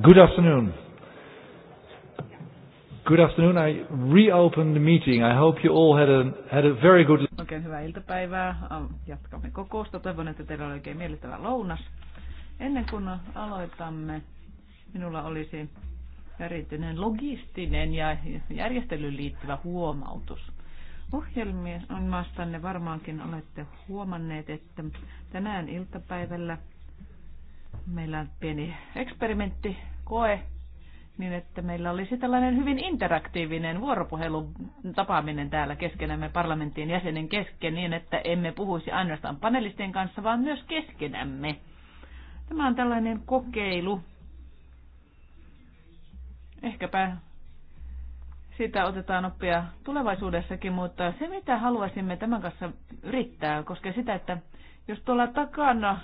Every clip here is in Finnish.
Good afternoon. Good afternoon. I reopened the meeting. I hope you all had a, had a very good... Oikein hyvää iltapäivää. Jatkamme kokousta. Toivon, että teillä oli oikein miellyttävä lounas. Ennen kuin aloitamme, minulla olisi erityinen logistinen ja järjestelyyn liittyvä huomautus. Ohjelmia on maastanne varmaankin olette huomanneet, että tänään iltapäivällä – meillä on pieni eksperimentti, koe, niin että meillä olisi tällainen hyvin interaktiivinen vuoropuhelun tapaaminen täällä keskenämme parlamenttien jäsenen kesken niin, että emme puhuisi ainoastaan panelistien kanssa, vaan myös keskenämme. Tämä on tällainen kokeilu. Ehkäpä siitä otetaan oppia tulevaisuudessakin, mutta se mitä haluaisimme tämän kanssa yrittää koskee sitä, että jos tuolla takana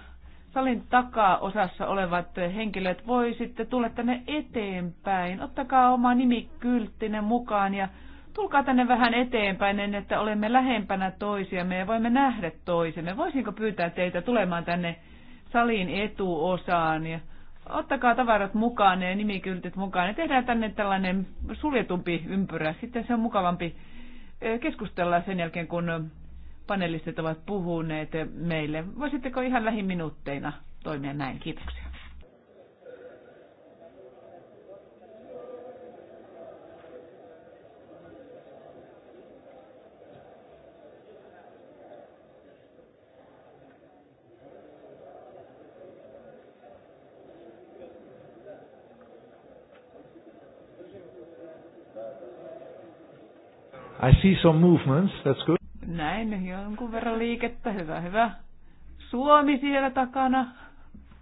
salin takaosassa olevat henkilöt voisitte tulla tänne eteenpäin. Ottakaa oma nimikylttinen mukaan ja tulkaa tänne vähän eteenpäin, niin että olemme lähempänä toisiamme ja voimme nähdä toisemme. Voisinko pyytää teitä tulemaan tänne salin etuosaan ja ottakaa tavarat mukaan ja nimikyltit mukaan ja tehdään tänne tällainen suljetumpi ympyrä. Sitten se on mukavampi keskustella sen jälkeen, kun panelistit ovat puhuneet meille. Voisitteko ihan lähiminuutteina toimia näin? Kiitoksia. I see some movements, that's good. Näin, jonkun verran liikettä. Hyvä, hyvä. Suomi siellä takana.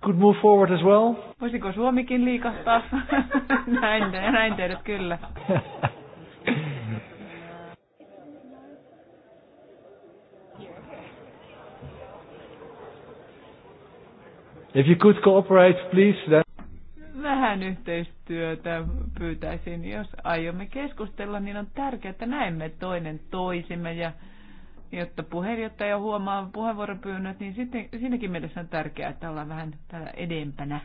Could move forward as well. Voisiko Suomikin liikahtaa? näin, näin teidät kyllä. If you could cooperate, please, then... Vähän yhteistyötä pyytäisin, jos aiomme keskustella, niin on tärkeää, että näemme toinen toisimme ja jotta puheenjohtaja huomaa puheenvuoropyynnöt, niin sitten, siinäkin mielessä on tärkeää, että ollaan vähän täällä edempänä.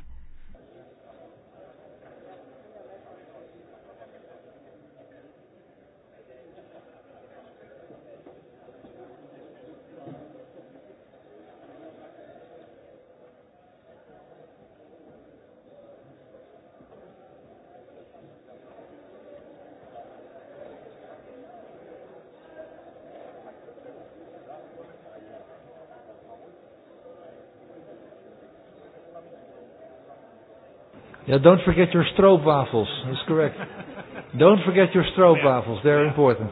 Yeah, don't forget your stroopwafels. That's correct. don't forget your stroopwafels. They're important.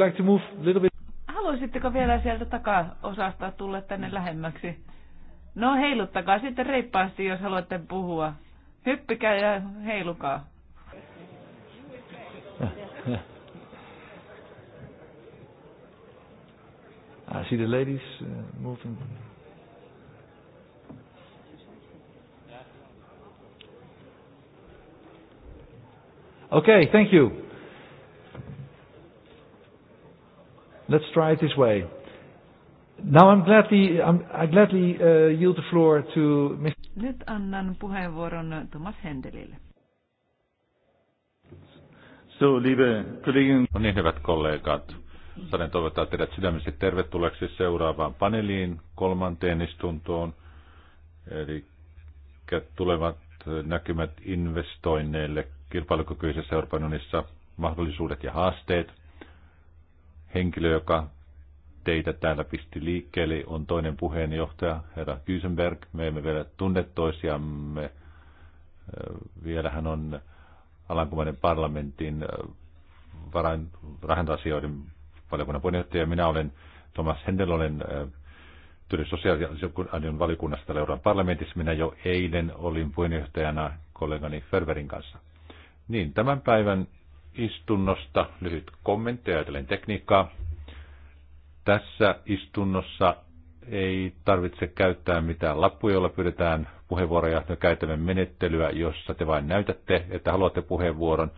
like to move a little bit? Haluaisitteko vielä sieltä osasta tulla tänne lähemmäksi? No heiluttakaa sitten reippaasti, jos haluatte puhua. Hyppikää ja heilukaa. I see the ladies uh, moving. Okay, thank you. Let's try it this way. Now I'm gladly, I'm, I gladly uh, yield the floor to Mr. Nyt annan puheenvuoron Thomas Hendelille. So, liebe Kollegen. No niin, hyvät kollegat. Saan toivottaa teidät sydämisesti tervetulleeksi seuraavaan paneeliin, kolmanteen istuntoon. Eli tulevat näkymät investoinneille kilpailukykyisessä Euroopan unissa, mahdollisuudet ja haasteet henkilö, joka teitä täällä pisti liikkeelle, on toinen puheenjohtaja, herra Kysenberg. Me emme vielä tunne toisiamme. Äh, vielä hän on alankomainen parlamentin äh, varainrahentasioiden valiokunnan puheenjohtaja. Minä olen Thomas Hendel, olen äh, työn sosiaalisen valiokunnasta täällä Euroopan parlamentissa. Minä jo eilen olin puheenjohtajana kollegani Ferverin kanssa. Niin, tämän päivän istunnosta lyhyt kommentti ajatellen tekniikkaa. Tässä istunnossa ei tarvitse käyttää mitään lappuja, joilla pyydetään puheenvuoroja. Me käytämme menettelyä, jossa te vain näytätte, että haluatte puheenvuoron.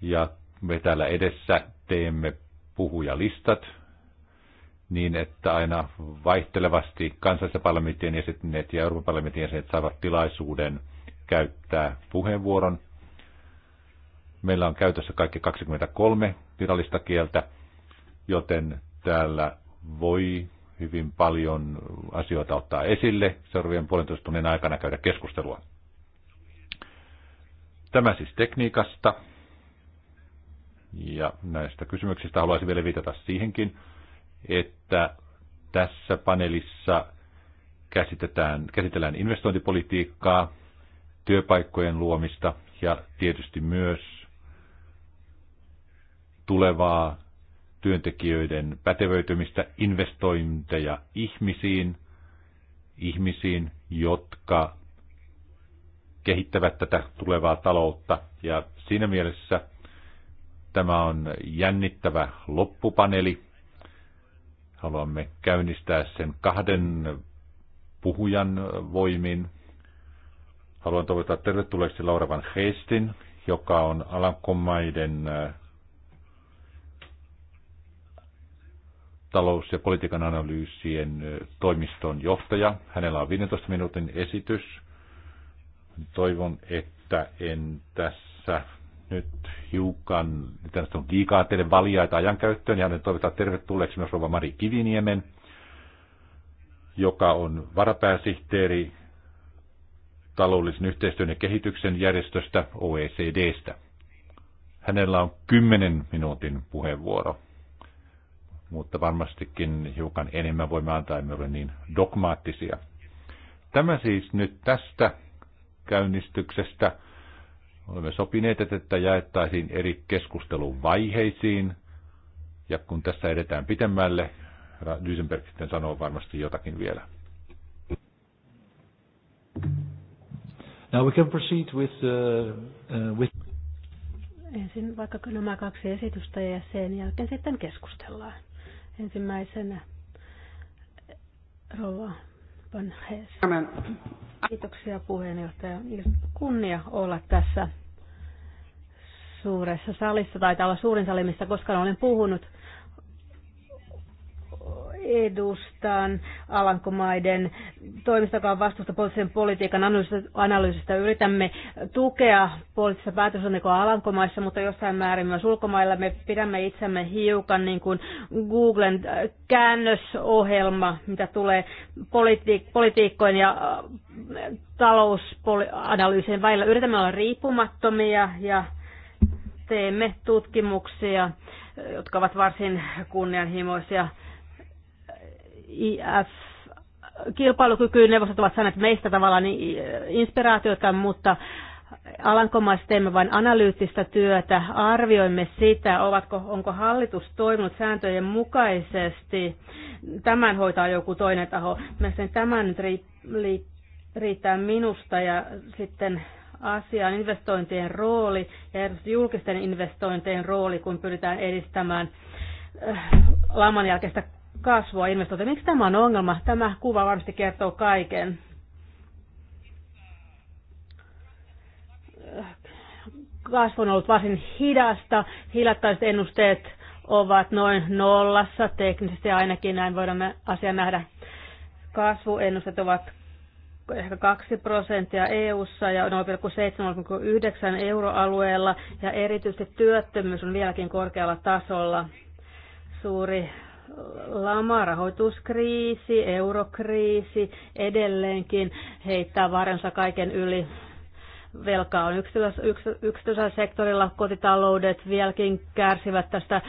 Ja me täällä edessä teemme puhujalistat niin, että aina vaihtelevasti kansallisen parlamentin jäsenet ja Euroopan parlamentin jäsenet saavat tilaisuuden käyttää puheenvuoron. Meillä on käytössä kaikki 23 virallista kieltä, joten täällä voi hyvin paljon asioita ottaa esille seuraavien puolentoista tunnin aikana käydä keskustelua. Tämä siis tekniikasta. Ja näistä kysymyksistä haluaisin vielä viitata siihenkin, että tässä panelissa käsitetään, käsitellään investointipolitiikkaa, työpaikkojen luomista ja tietysti myös tulevaa työntekijöiden pätevöitymistä, investointeja ihmisiin, ihmisiin, jotka kehittävät tätä tulevaa taloutta. Ja siinä mielessä tämä on jännittävä loppupaneeli. Haluamme käynnistää sen kahden puhujan voimin. Haluan toivottaa tervetulleeksi Laura Van Heestin, joka on Alankomaiden äh, talous- ja politiikan analyysien toimiston johtaja. Hänellä on 15 minuutin esitys. Toivon, että en tässä nyt hiukan tästä on liikaa teille valjaita ajankäyttöön. Ja hänen toivotaan tervetulleeksi myös Rova Mari Kiviniemen, joka on varapääsihteeri taloudellisen yhteistyön ja kehityksen järjestöstä OECDstä. Hänellä on 10 minuutin puheenvuoro mutta varmastikin hiukan enemmän voimme antaa, emme ole niin dogmaattisia. Tämä siis nyt tästä käynnistyksestä. Olemme sopineet, että jaettaisiin eri keskustelun vaiheisiin, ja kun tässä edetään pitemmälle, Dysenberg sitten sanoo varmasti jotakin vielä. Now we can proceed with, uh, uh, with... Ensin vaikka nämä kaksi esitystä ja sen jälkeen sitten keskustellaan. Ensimmäisenä rouva Van Hees. Kiitoksia puheenjohtaja. Kunnia olla tässä suuressa salissa. Taitaa olla suurin sali, mistä koskaan olen puhunut edustan Alankomaiden toimistakaan vastuusta poliittisen politiikan analyysistä. Yritämme tukea poliittista päätöksentekoa Alankomaissa, mutta jossain määrin myös ulkomailla. Me pidämme itsemme hiukan niin kuin Googlen äh, käännösohjelma, mitä tulee politi- politiikkojen ja äh, talousanalyysien välillä. Yritämme olla riippumattomia ja teemme tutkimuksia, jotka ovat varsin kunnianhimoisia IF kilpailukykyyn neuvostot ovat saaneet meistä tavallaan inspiraatiota, mutta alankomaisesti teemme vain analyyttistä työtä, arvioimme sitä, ovatko, onko hallitus toiminut sääntöjen mukaisesti. Tämän hoitaa joku toinen taho. Mielestäni tämä nyt riittää minusta ja sitten asiaan investointien rooli ja julkisten investointien rooli, kun pyritään edistämään äh, laman jälkeistä kasvua investointi. Miksi tämä on ongelma? Tämä kuva varmasti kertoo kaiken. Kasvu on ollut varsin hidasta. Hiljattaiset ennusteet ovat noin nollassa, teknisesti ainakin näin voidaan asia nähdä. Kasvuennusteet ovat ehkä 2 prosenttia EU-ssa ja 0,79 euroalueella ja erityisesti työttömyys on vieläkin korkealla tasolla. Suuri lama, rahoituskriisi, eurokriisi edelleenkin heittää varjonsa kaiken yli. Velkaa on yksityisellä, yksityisellä sektorilla, kotitaloudet vieläkin kärsivät tästä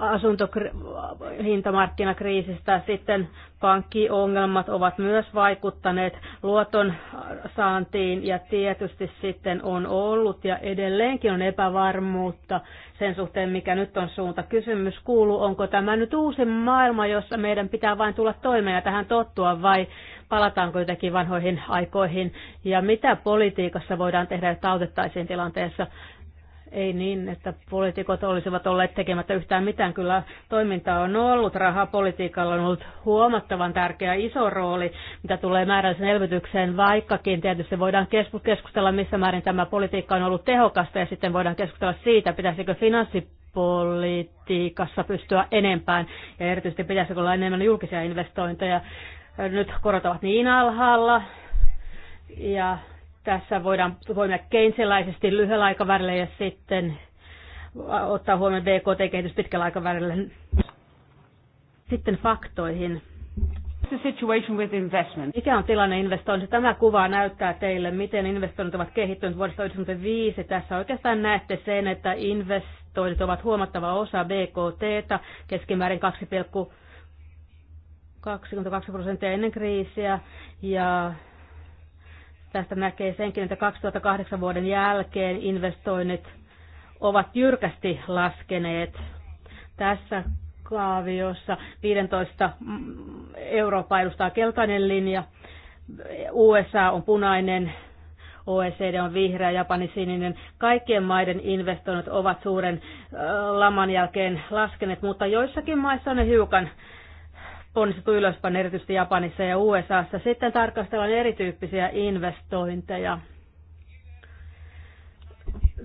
asuntohintamarkkinakriisistä. Sitten pankkiongelmat ovat myös vaikuttaneet luoton saantiin ja tietysti sitten on ollut ja edelleenkin on epävarmuutta sen suhteen, mikä nyt on suunta. Kysymys kuuluu, onko tämä nyt uusi maailma, jossa meidän pitää vain tulla toimeen ja tähän tottua vai palataanko jotenkin vanhoihin aikoihin ja mitä politiikassa voidaan tehdä, että autettaisiin tilanteessa. Ei niin, että poliitikot olisivat olleet tekemättä yhtään mitään. Kyllä toimintaa on ollut. Rahapolitiikalla on ollut huomattavan tärkeä iso rooli, mitä tulee määrällisen elvytykseen, vaikkakin tietysti voidaan keskustella, missä määrin tämä politiikka on ollut tehokasta, ja sitten voidaan keskustella siitä, pitäisikö finanssi politiikassa pystyä enempään ja erityisesti pitäisikö olla enemmän julkisia investointeja. Nyt korot ovat niin alhaalla ja tässä voidaan toimia keinsilaisesti lyhyellä aikavälillä ja sitten ottaa huomioon BKT-kehitys pitkällä aikavälillä. Sitten faktoihin. Mikä on tilanne investoinnissa? Tämä kuva näyttää teille, miten investoinnit ovat kehittyneet vuodesta 1995. Tässä oikeastaan näette sen, että investoinnit ovat huomattava osa BKTtä, keskimäärin 2,22 prosenttia ennen kriisiä ja Tästä näkee senkin, että 2008 vuoden jälkeen investoinnit ovat jyrkästi laskeneet. Tässä kaaviossa 15 Eurooppa edustaa keltainen linja, USA on punainen, OECD on vihreä, Japani sininen. Kaikkien maiden investoinnit ovat suuren laman jälkeen laskeneet, mutta joissakin maissa on ne hiukan ponnistettu ylöspäin erityisesti Japanissa ja USAssa. Sitten tarkastellaan erityyppisiä investointeja.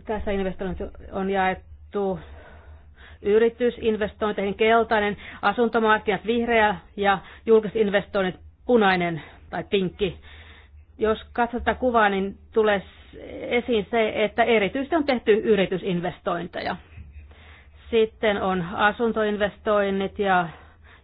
Tässä investoinnit on jaettu yritysinvestointeihin keltainen, asuntomarkkinat vihreä ja investoinnit punainen tai pinkki. Jos katsotaan kuvaa, niin tulee esiin se, että erityisesti on tehty yritysinvestointeja. Sitten on asuntoinvestoinnit ja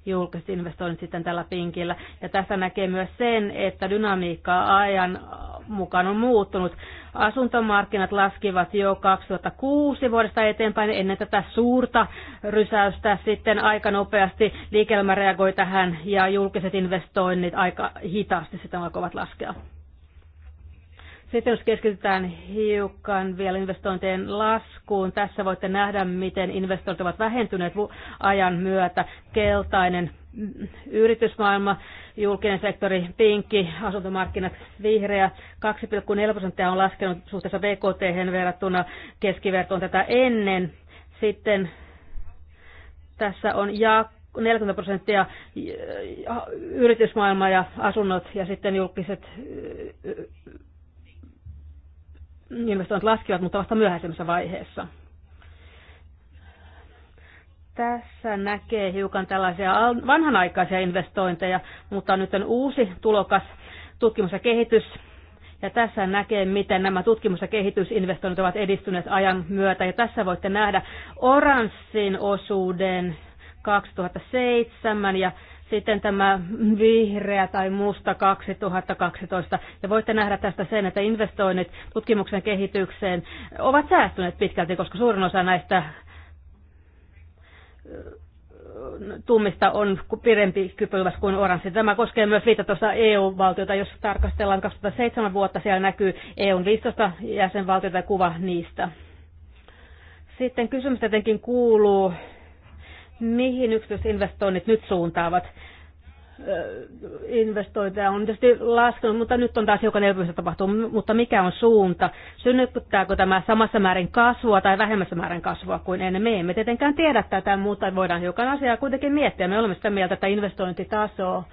julkiset investoinnit sitten tällä pinkillä. Ja tässä näkee myös sen, että dynamiikka ajan mukaan on muuttunut. Asuntomarkkinat laskivat jo 2006 vuodesta eteenpäin ennen tätä suurta rysäystä. Sitten aika nopeasti liikelmä reagoi tähän ja julkiset investoinnit aika hitaasti sitten alkoivat laskea. Sitten jos keskitytään hiukan vielä investointien laskuun, tässä voitte nähdä, miten investoinnit ovat vähentyneet ajan myötä. Keltainen yritysmaailma, julkinen sektori, pinkki, asuntomarkkinat, vihreä, 2,4 prosenttia on laskenut suhteessa BKT verrattuna keskivertoon tätä ennen. Sitten tässä on ja 40 prosenttia yritysmaailma ja asunnot ja sitten julkiset investoinnit laskivat, mutta vasta myöhäisemmässä vaiheessa. Tässä näkee hiukan tällaisia vanhanaikaisia investointeja, mutta nyt on uusi tulokas tutkimus ja kehitys. Ja tässä näkee, miten nämä tutkimus- ja kehitysinvestoinnit ovat edistyneet ajan myötä. Ja tässä voitte nähdä oranssin osuuden 2007 ja sitten tämä vihreä tai musta 2012. Ja voitte nähdä tästä sen, että investoinnit tutkimuksen kehitykseen ovat säästyneet pitkälti, koska suurin osa näistä äh, tummista on pidempi kypyläs kuin oranssi. Tämä koskee myös 15 EU-valtiota. Jos tarkastellaan 27 vuotta, siellä näkyy EUn 15 jäsenvaltiota ja kuva niistä. Sitten kysymys tietenkin kuuluu, mihin yksityisinvestoinnit nyt suuntaavat. Investointeja on tietysti laskenut, mutta nyt on taas hiukan elpymistä tapahtunut. Mutta mikä on suunta? Synnyttääkö tämä samassa määrin kasvua tai vähemmässä määrin kasvua kuin ennen? Me emme tietenkään tiedä tätä, mutta voidaan hiukan asiaa kuitenkin miettiä. Me olemme sitä mieltä, että investointitaso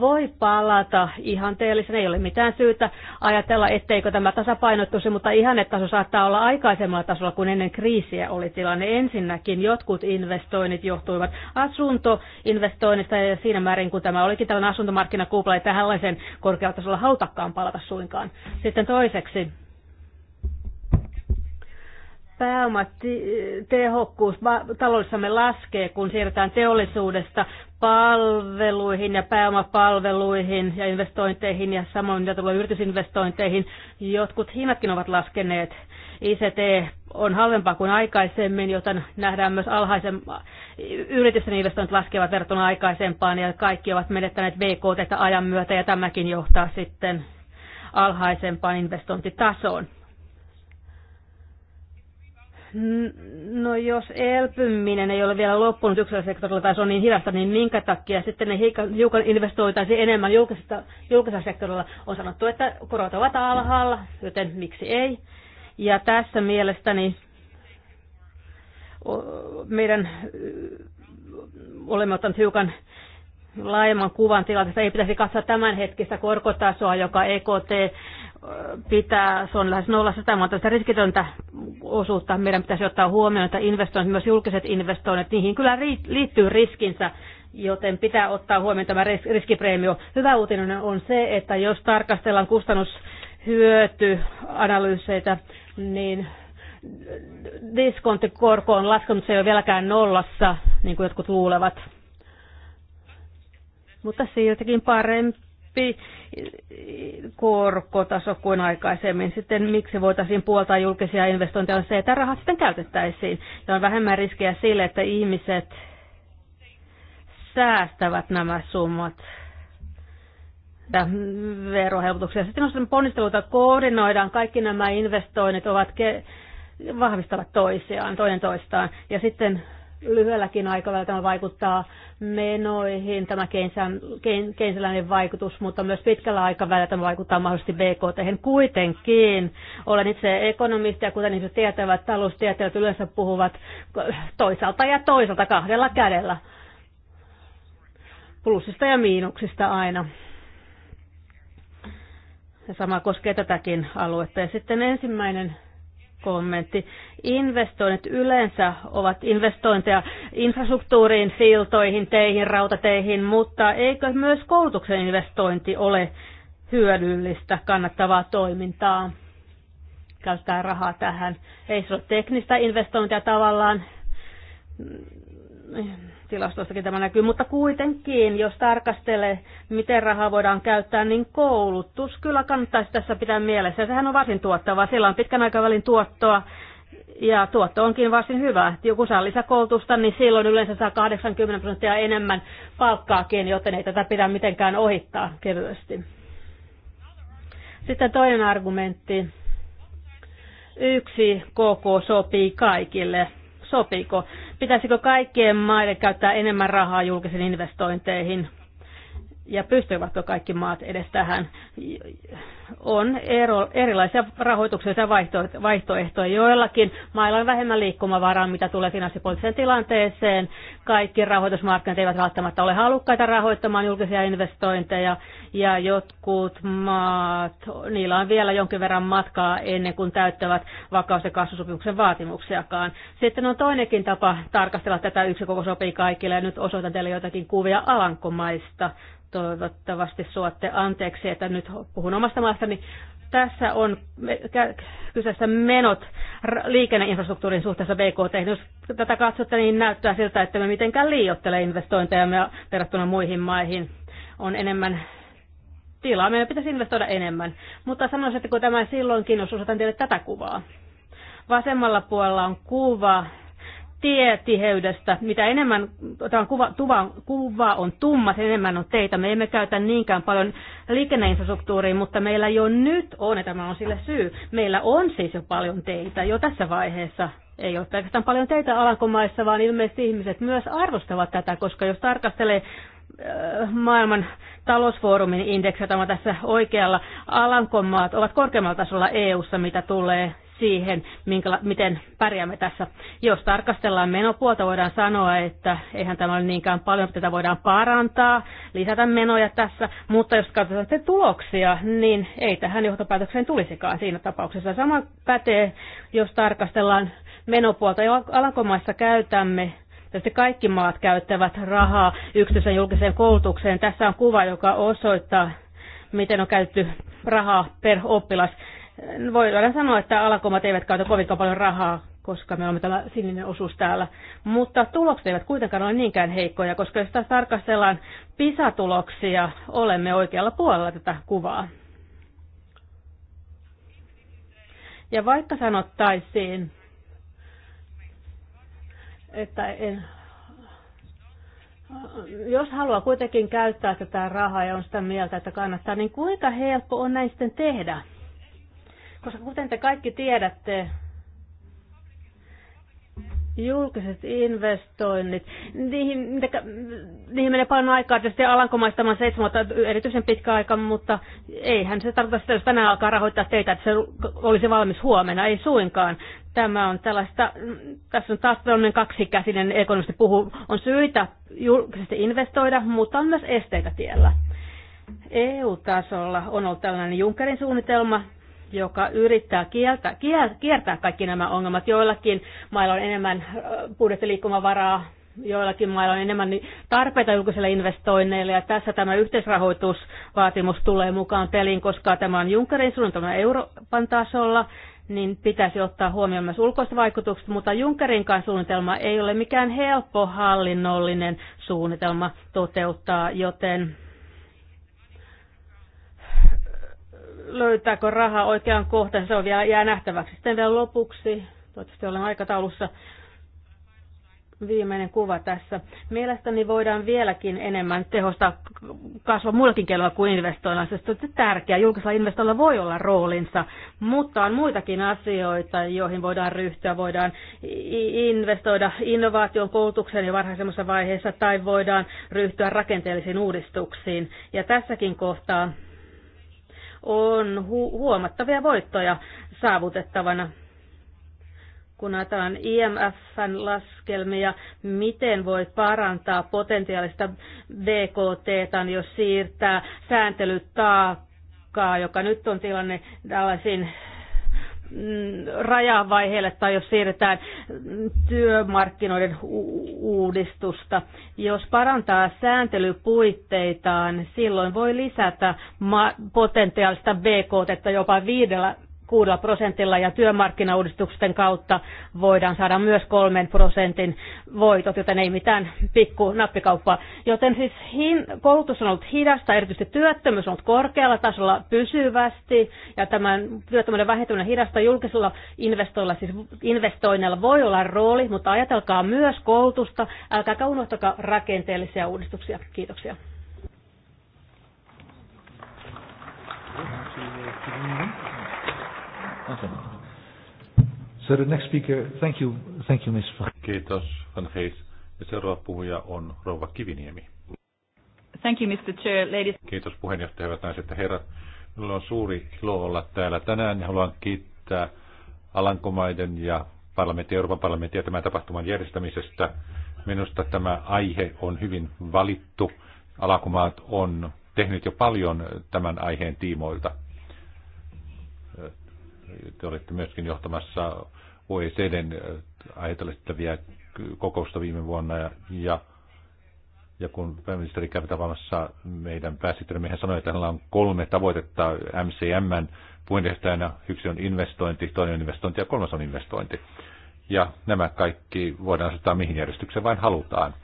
voi palata ihan teellisen. Ei ole mitään syytä ajatella, etteikö tämä tasapainottuisi, mutta ihannetaso saattaa olla aikaisemmalla tasolla kuin ennen kriisiä oli tilanne. Ensinnäkin jotkut investoinnit johtuivat asuntoinvestoinnista ja siinä määrin, kun tämä olikin tällainen asuntomarkkinakupla, ei tällaisen korkealla tasolla hautakkaan palata suinkaan. Sitten toiseksi pääomatehokkuus taloudessamme laskee, kun siirrytään teollisuudesta palveluihin ja pääomapalveluihin ja investointeihin ja samoin mitä tulee yritysinvestointeihin. Jotkut hinnatkin ovat laskeneet. ICT on halvempaa kuin aikaisemmin, joten nähdään myös alhaisen yritysten investoinnit laskevat verrattuna aikaisempaan ja kaikki ovat menettäneet BKT ajan myötä ja tämäkin johtaa sitten alhaisempaan investointitasoon. No jos elpyminen ei ole vielä loppunut yksityisellä sektorilla tai se on niin hidasta, niin minkä takia sitten ne hiukan investoitaisiin enemmän julkisesta, julkisella sektorilla? On sanottu, että korot ovat alhaalla, joten miksi ei? Ja tässä mielestäni meidän olemme ottaneet hiukan laajemman kuvan tilanteesta. Ei pitäisi katsoa tämänhetkistä korkotasoa, joka EKT pitää, se on lähes nollassa. Tämä on tällaista riskitöntä osuutta. Meidän pitäisi ottaa huomioon, että investoinnit, myös julkiset investoinnit, niihin kyllä liittyy riskinsä, joten pitää ottaa huomioon tämä riskipreemio. Hyvä uutinen on se, että jos tarkastellaan kustannushyötyanalyyseitä, niin diskonttikorko on laskenut, se ei ole vieläkään nollassa, niin kuin jotkut luulevat. Mutta siltikin parempi alempi korkotaso kuin aikaisemmin. Sitten miksi voitaisiin puoltaa julkisia investointeja on se, että rahat sitten käytettäisiin. Ja on vähemmän riskejä sille, että ihmiset säästävät nämä summat verohelpotuksia. Sitten on ponnisteluita koordinoidaan. Kaikki nämä investoinnit ovat ke- vahvistavat toisiaan, toinen toistaan. Ja sitten lyhyelläkin aikavälillä tämä vaikuttaa menoihin, tämä keinsiläinen vaikutus, mutta myös pitkällä aikavälillä tämä vaikuttaa mahdollisesti BKT. -hän. Kuitenkin olen itse ekonomisti ja kuten ihmiset tietävät, taloustieteilijät yleensä puhuvat toisaalta ja toisaalta kahdella kädellä. Plusista ja miinuksista aina. Ja sama koskee tätäkin aluetta. Ja sitten ensimmäinen kommentti. Investoinnit yleensä ovat investointeja infrastruktuuriin, siltoihin, teihin, rautateihin, mutta eikö myös koulutuksen investointi ole hyödyllistä, kannattavaa toimintaa? Käyttää rahaa tähän. Ei se ole teknistä investointia tavallaan tilastoistakin tämä näkyy, mutta kuitenkin, jos tarkastelee, miten rahaa voidaan käyttää, niin koulutus kyllä kannattaisi tässä pitää mielessä. Ja sehän on varsin tuottavaa, sillä on pitkän aikavälin tuottoa, ja tuotto onkin varsin hyvä. Joku saa lisäkoulutusta, niin silloin yleensä saa 80 prosenttia enemmän palkkaakin, joten ei tätä pidä mitenkään ohittaa kevyesti. Sitten toinen argumentti. Yksi koko sopii kaikille. Sopiiko? Pitäisikö kaikkien maiden käyttää enemmän rahaa julkisiin investointeihin? ja pystyvätkö kaikki maat edes tähän. On ero, erilaisia rahoituksellisia vaihtoehtoja. Joillakin mailla on vähemmän liikkumavaraa, mitä tulee finanssipoliittiseen tilanteeseen. Kaikki rahoitusmarkkinat eivät välttämättä ole halukkaita rahoittamaan julkisia investointeja, ja jotkut maat, niillä on vielä jonkin verran matkaa ennen kuin täyttävät vakaus- ja kasvusopimuksen vaatimuksiakaan. Sitten on toinenkin tapa tarkastella tätä yksi koko sopii kaikille, ja nyt osoitan teille joitakin kuvia Alankomaista Toivottavasti suotte anteeksi, että nyt puhun omasta maastani. Tässä on kyseessä menot liikenneinfrastruktuurin suhteessa BKT. Jos tätä katsotte, niin näyttää siltä, että me mitenkään liiottele investointeja verrattuna muihin maihin. On enemmän tilaa, meidän pitäisi investoida enemmän. Mutta sanoisin, että kun tämä silloinkin, jos osataan teille tätä kuvaa. Vasemmalla puolella on kuva, tietiheydestä. Mitä enemmän tämä kuva, tuva, kuva on tumma, sen enemmän on teitä. Me emme käytä niinkään paljon liikenneinfrastruktuuriin, mutta meillä jo nyt on, ja tämä on sille syy, meillä on siis jo paljon teitä jo tässä vaiheessa. Ei ole pelkästään paljon teitä Alankomaissa, vaan ilmeisesti ihmiset myös arvostavat tätä, koska jos tarkastelee äh, maailman talousfoorumin indeksi, tämä tässä oikealla, Alankomaat ovat korkeammalla tasolla EU-ssa, mitä tulee siihen, minkä, miten pärjäämme tässä. Jos tarkastellaan menopuolta, voidaan sanoa, että eihän tämä ole niinkään paljon, tätä voidaan parantaa, lisätä menoja tässä, mutta jos katsotaan sitten tuloksia, niin ei tähän johtopäätökseen tulisikaan siinä tapauksessa. Sama pätee, jos tarkastellaan menopuolta. Jo Alankomaissa käytämme Tietysti kaikki maat käyttävät rahaa yksityisen julkiseen koulutukseen. Tässä on kuva, joka osoittaa, miten on käytetty rahaa per oppilas voidaan sanoa, että alakomat eivät käytä kovin paljon rahaa, koska me olemme tällä sininen osuus täällä. Mutta tulokset eivät kuitenkaan ole niinkään heikkoja, koska jos taas tarkastellaan PISA-tuloksia, olemme oikealla puolella tätä kuvaa. Ja vaikka sanottaisiin, että en, jos haluaa kuitenkin käyttää tätä rahaa ja on sitä mieltä, että kannattaa, niin kuinka helppo on näin sitten tehdä? Koska kuten te kaikki tiedätte, Julkiset investoinnit. Niihin, niihin menee paljon aikaa tietysti alankomaistamaan seitsemän vuotta erityisen pitkä aika, mutta eihän se tarkoita sitä, jos tänään alkaa rahoittaa teitä, että se olisi valmis huomenna. Ei suinkaan. Tämä on tällaista, tässä on taas tällainen kaksikäsinen ekonomisti puhu, On syitä julkisesti investoida, mutta on myös esteitä tiellä. EU-tasolla on ollut tällainen Junckerin suunnitelma, joka yrittää kieltää, kiertää kaikki nämä ongelmat. Joillakin mailla on enemmän budjettiliikkumavaraa, joillakin mailla on enemmän tarpeita julkisille investoinneille, ja tässä tämä yhteisrahoitusvaatimus tulee mukaan peliin, koska tämä on Junckerin suunnitelma Euroopan tasolla, niin pitäisi ottaa huomioon myös ulkoista vaikutukset, mutta Junkerinkaan suunnitelma ei ole mikään helppo hallinnollinen suunnitelma toteuttaa, joten löytääkö raha oikean kohtaan, se on vielä jää nähtäväksi. Sitten vielä lopuksi, toivottavasti olen aikataulussa, viimeinen kuva tässä. Mielestäni voidaan vieläkin enemmän tehostaa kasvua muillakin keinoilla kuin investoinnilla. Se on tärkeää. Julkisella investoilla voi olla roolinsa, mutta on muitakin asioita, joihin voidaan ryhtyä. Voidaan investoida innovaation koulutukseen jo varhaisemmassa vaiheessa tai voidaan ryhtyä rakenteellisiin uudistuksiin. Ja tässäkin kohtaa on hu- huomattavia voittoja saavutettavana. Kun ajatellaan IMFn laskelmia, miten voi parantaa potentiaalista BKT, jos siirtää sääntelytaakkaa, joka nyt on tilanne tällaisiin Mm, rajavaiheelle tai jos siirretään työmarkkinoiden uudistusta. Jos parantaa sääntelypuitteitaan, silloin voi lisätä potentiaalista BKT jopa viidellä 6 prosentilla ja työmarkkinauudistuksen kautta voidaan saada myös kolmen prosentin voitot, joten ei mitään pikku nappikauppaa. Joten siis hin- koulutus on ollut hidasta, erityisesti työttömyys on ollut korkealla tasolla pysyvästi ja tämän työttömyyden vähentäminen hidasta julkisella investoilla, siis investoinneilla voi olla rooli, mutta ajatelkaa myös koulutusta, älkääkä unohtakaa rakenteellisia uudistuksia. Kiitoksia. Thank you. Okay. So the next speaker, thank you, thank you, Miss. Kiitos, Van Hees. Ja seuraava puhuja on Rouva Kiviniemi. Thank you, Mr. Chair, ladies. Kiitos puheenjohtaja, hyvät naiset ja herrat. Minulla on suuri ilo olla täällä tänään ja haluan kiittää Alankomaiden ja parlamentin, Euroopan parlamentin ja tämän tapahtuman järjestämisestä. Minusta tämä aihe on hyvin valittu. Alankomaat on tehnyt jo paljon tämän aiheen tiimoilta. Te olette myöskin johtamassa OECDn äh, ajatellettavia kokousta viime vuonna ja, ja ja kun pääministeri kävi tavallaan meidän pääsihteerimme, hän sanoi, että hänellä on kolme tavoitetta MCMn puheenjohtajana. Yksi on investointi, toinen on investointi ja kolmas on investointi. Ja nämä kaikki voidaan asettaa mihin järjestykseen vain halutaan.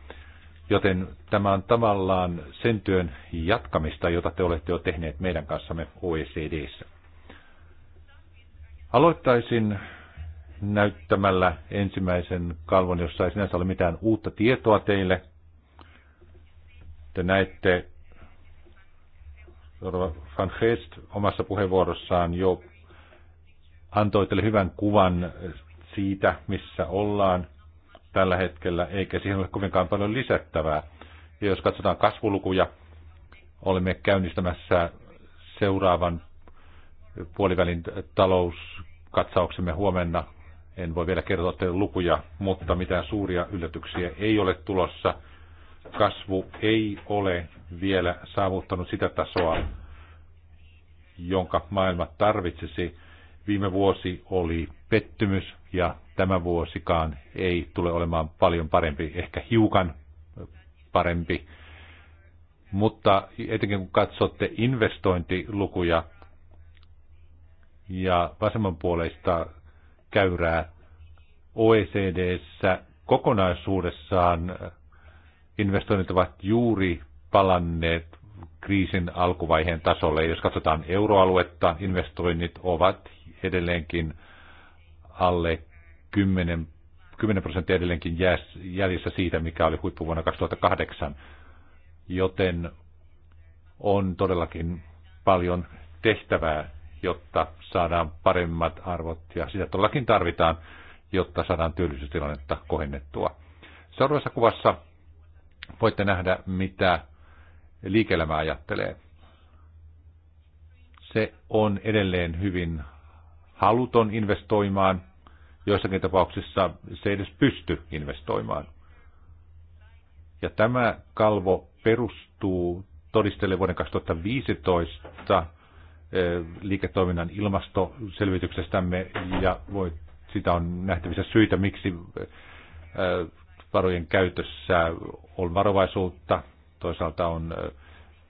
Joten tämä on tavallaan sen työn jatkamista, jota te olette jo tehneet meidän kanssamme OECDssä. Aloittaisin näyttämällä ensimmäisen kalvon, jossa ei sinänsä ole mitään uutta tietoa teille. Te näette Van Geest omassa puheenvuorossaan jo antoi teille hyvän kuvan siitä, missä ollaan tällä hetkellä, eikä siihen ole kovinkaan paljon lisättävää. Ja jos katsotaan kasvulukuja, olemme käynnistämässä seuraavan puolivälin talouskatsauksemme huomenna. En voi vielä kertoa teille lukuja, mutta mitään suuria yllätyksiä ei ole tulossa. Kasvu ei ole vielä saavuttanut sitä tasoa, jonka maailma tarvitsisi. Viime vuosi oli pettymys ja tämä vuosikaan ei tule olemaan paljon parempi, ehkä hiukan parempi. Mutta etenkin kun katsotte investointilukuja, ja vasemmanpuoleista käyrää OECDssä kokonaisuudessaan investoinnit ovat juuri palanneet kriisin alkuvaiheen tasolle. Jos katsotaan euroaluetta, investoinnit ovat edelleenkin alle 10, 10 prosenttia edelleenkin jäljessä siitä, mikä oli huippuvuonna 2008. Joten on todellakin paljon tehtävää jotta saadaan paremmat arvot, ja sitä todellakin tarvitaan, jotta saadaan työllisyystilannetta kohennettua. Seuraavassa kuvassa voitte nähdä, mitä liike ajattelee. Se on edelleen hyvin haluton investoimaan, joissakin tapauksissa se ei edes pysty investoimaan. Ja tämä kalvo perustuu todistelle vuoden 2015 liiketoiminnan ilmastoselvityksestämme ja voi, sitä on nähtävissä syitä, miksi varojen käytössä on varovaisuutta. Toisaalta on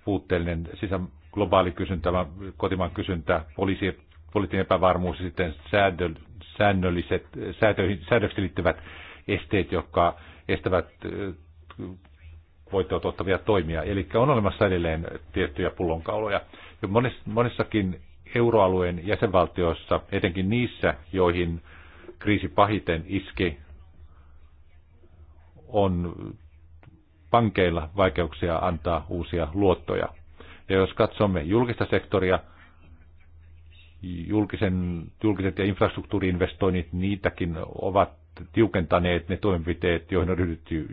puutteellinen sisä, globaali kysyntä, kotimaan kysyntä, poliisi, poliittinen epävarmuus ja sitten säädö, säännölliset, säädöksiin liittyvät esteet, jotka estävät voittoa tuottavia toimia. Eli on olemassa edelleen tiettyjä pullonkauloja. Ja monissakin euroalueen jäsenvaltioissa, etenkin niissä, joihin kriisi pahiten iski, on pankeilla vaikeuksia antaa uusia luottoja. Ja jos katsomme julkista sektoria, julkisen, julkiset ja infrastruktuuriinvestoinnit, niitäkin ovat tiukentaneet ne toimenpiteet, joihin on ryhdytty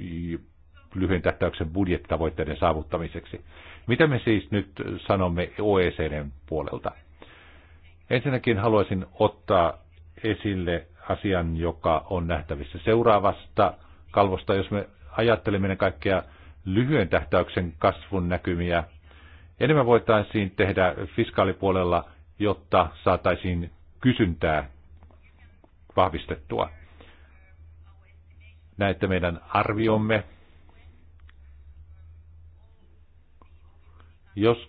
lyhyen tähtäyksen budjettitavoitteiden saavuttamiseksi. Mitä me siis nyt sanomme OECDn puolelta? Ensinnäkin haluaisin ottaa esille asian, joka on nähtävissä seuraavasta kalvosta. Jos me ajattelemme ne kaikkea lyhyen tähtäyksen kasvun näkymiä, enemmän voitaisiin tehdä fiskaalipuolella, jotta saataisiin kysyntää vahvistettua. Näette meidän arviomme Jos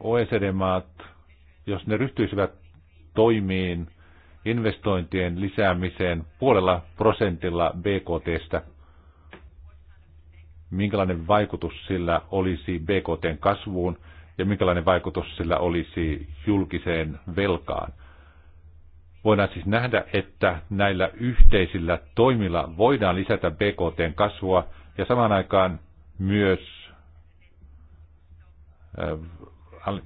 OECD-maat, jos ne ryhtyisivät toimiin investointien lisäämiseen puolella prosentilla BKTstä, minkälainen vaikutus sillä olisi BKTn kasvuun ja minkälainen vaikutus sillä olisi julkiseen velkaan. Voidaan siis nähdä, että näillä yhteisillä toimilla voidaan lisätä BKTn kasvua ja samaan aikaan myös Äh,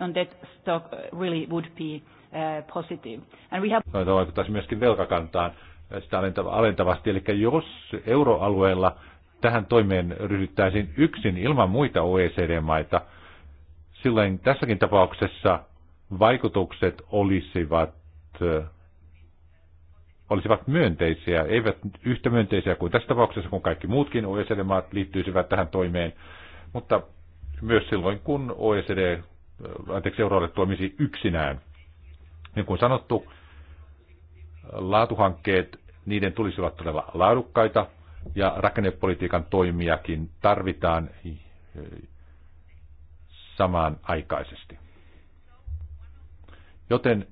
on debt stock uh, really would be uh, positive. And we have... Tämä vaikuttaisi myöskin velkakantaan sitä alentavasti. Eli jos euroalueella tähän toimeen ryhdyttäisiin yksin ilman muita OECD-maita, silloin tässäkin tapauksessa vaikutukset olisivat, äh, olisivat myönteisiä, eivät yhtä myönteisiä kuin tässä tapauksessa, kun kaikki muutkin OECD-maat liittyisivät tähän toimeen, mutta myös silloin, kun OECD, anteeksi, euroalue toimisi yksinään. Niin kuin sanottu, laatuhankkeet, niiden tulisi olla todella laadukkaita, ja rakennepolitiikan toimijakin tarvitaan eh, samaan aikaisesti. Joten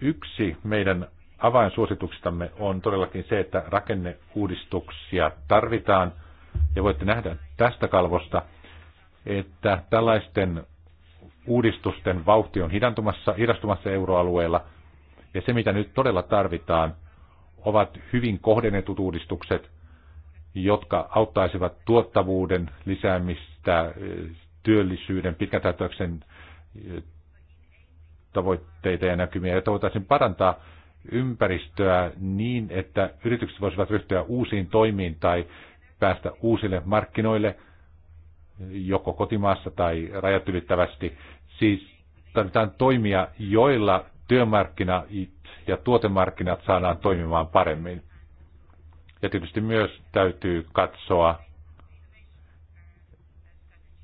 yksi meidän avainsuosituksistamme on todellakin se, että rakenneuudistuksia tarvitaan. Ja voitte nähdä tästä kalvosta, että tällaisten uudistusten vauhti on hidastumassa euroalueella, ja se mitä nyt todella tarvitaan, ovat hyvin kohdennetut uudistukset, jotka auttaisivat tuottavuuden lisäämistä, eh, työllisyyden, pitkän eh, tavoitteita ja näkymiä, Ja voitaisiin parantaa ympäristöä niin, että yritykset voisivat ryhtyä uusiin toimiin tai päästä uusille markkinoille – joko kotimaassa tai rajat ylittävästi. Siis tarvitaan toimia, joilla työmarkkina ja tuotemarkkinat saadaan toimimaan paremmin. Ja tietysti myös täytyy katsoa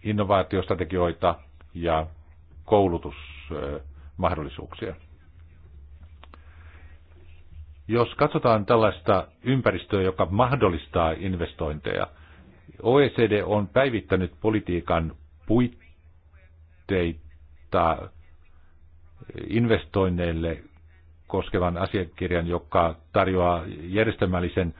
innovaatiostrategioita ja koulutusmahdollisuuksia. Jos katsotaan tällaista ympäristöä, joka mahdollistaa investointeja – OECD on päivittänyt politiikan puitteita investoinneille koskevan asiakirjan, joka tarjoaa järjestelmällisen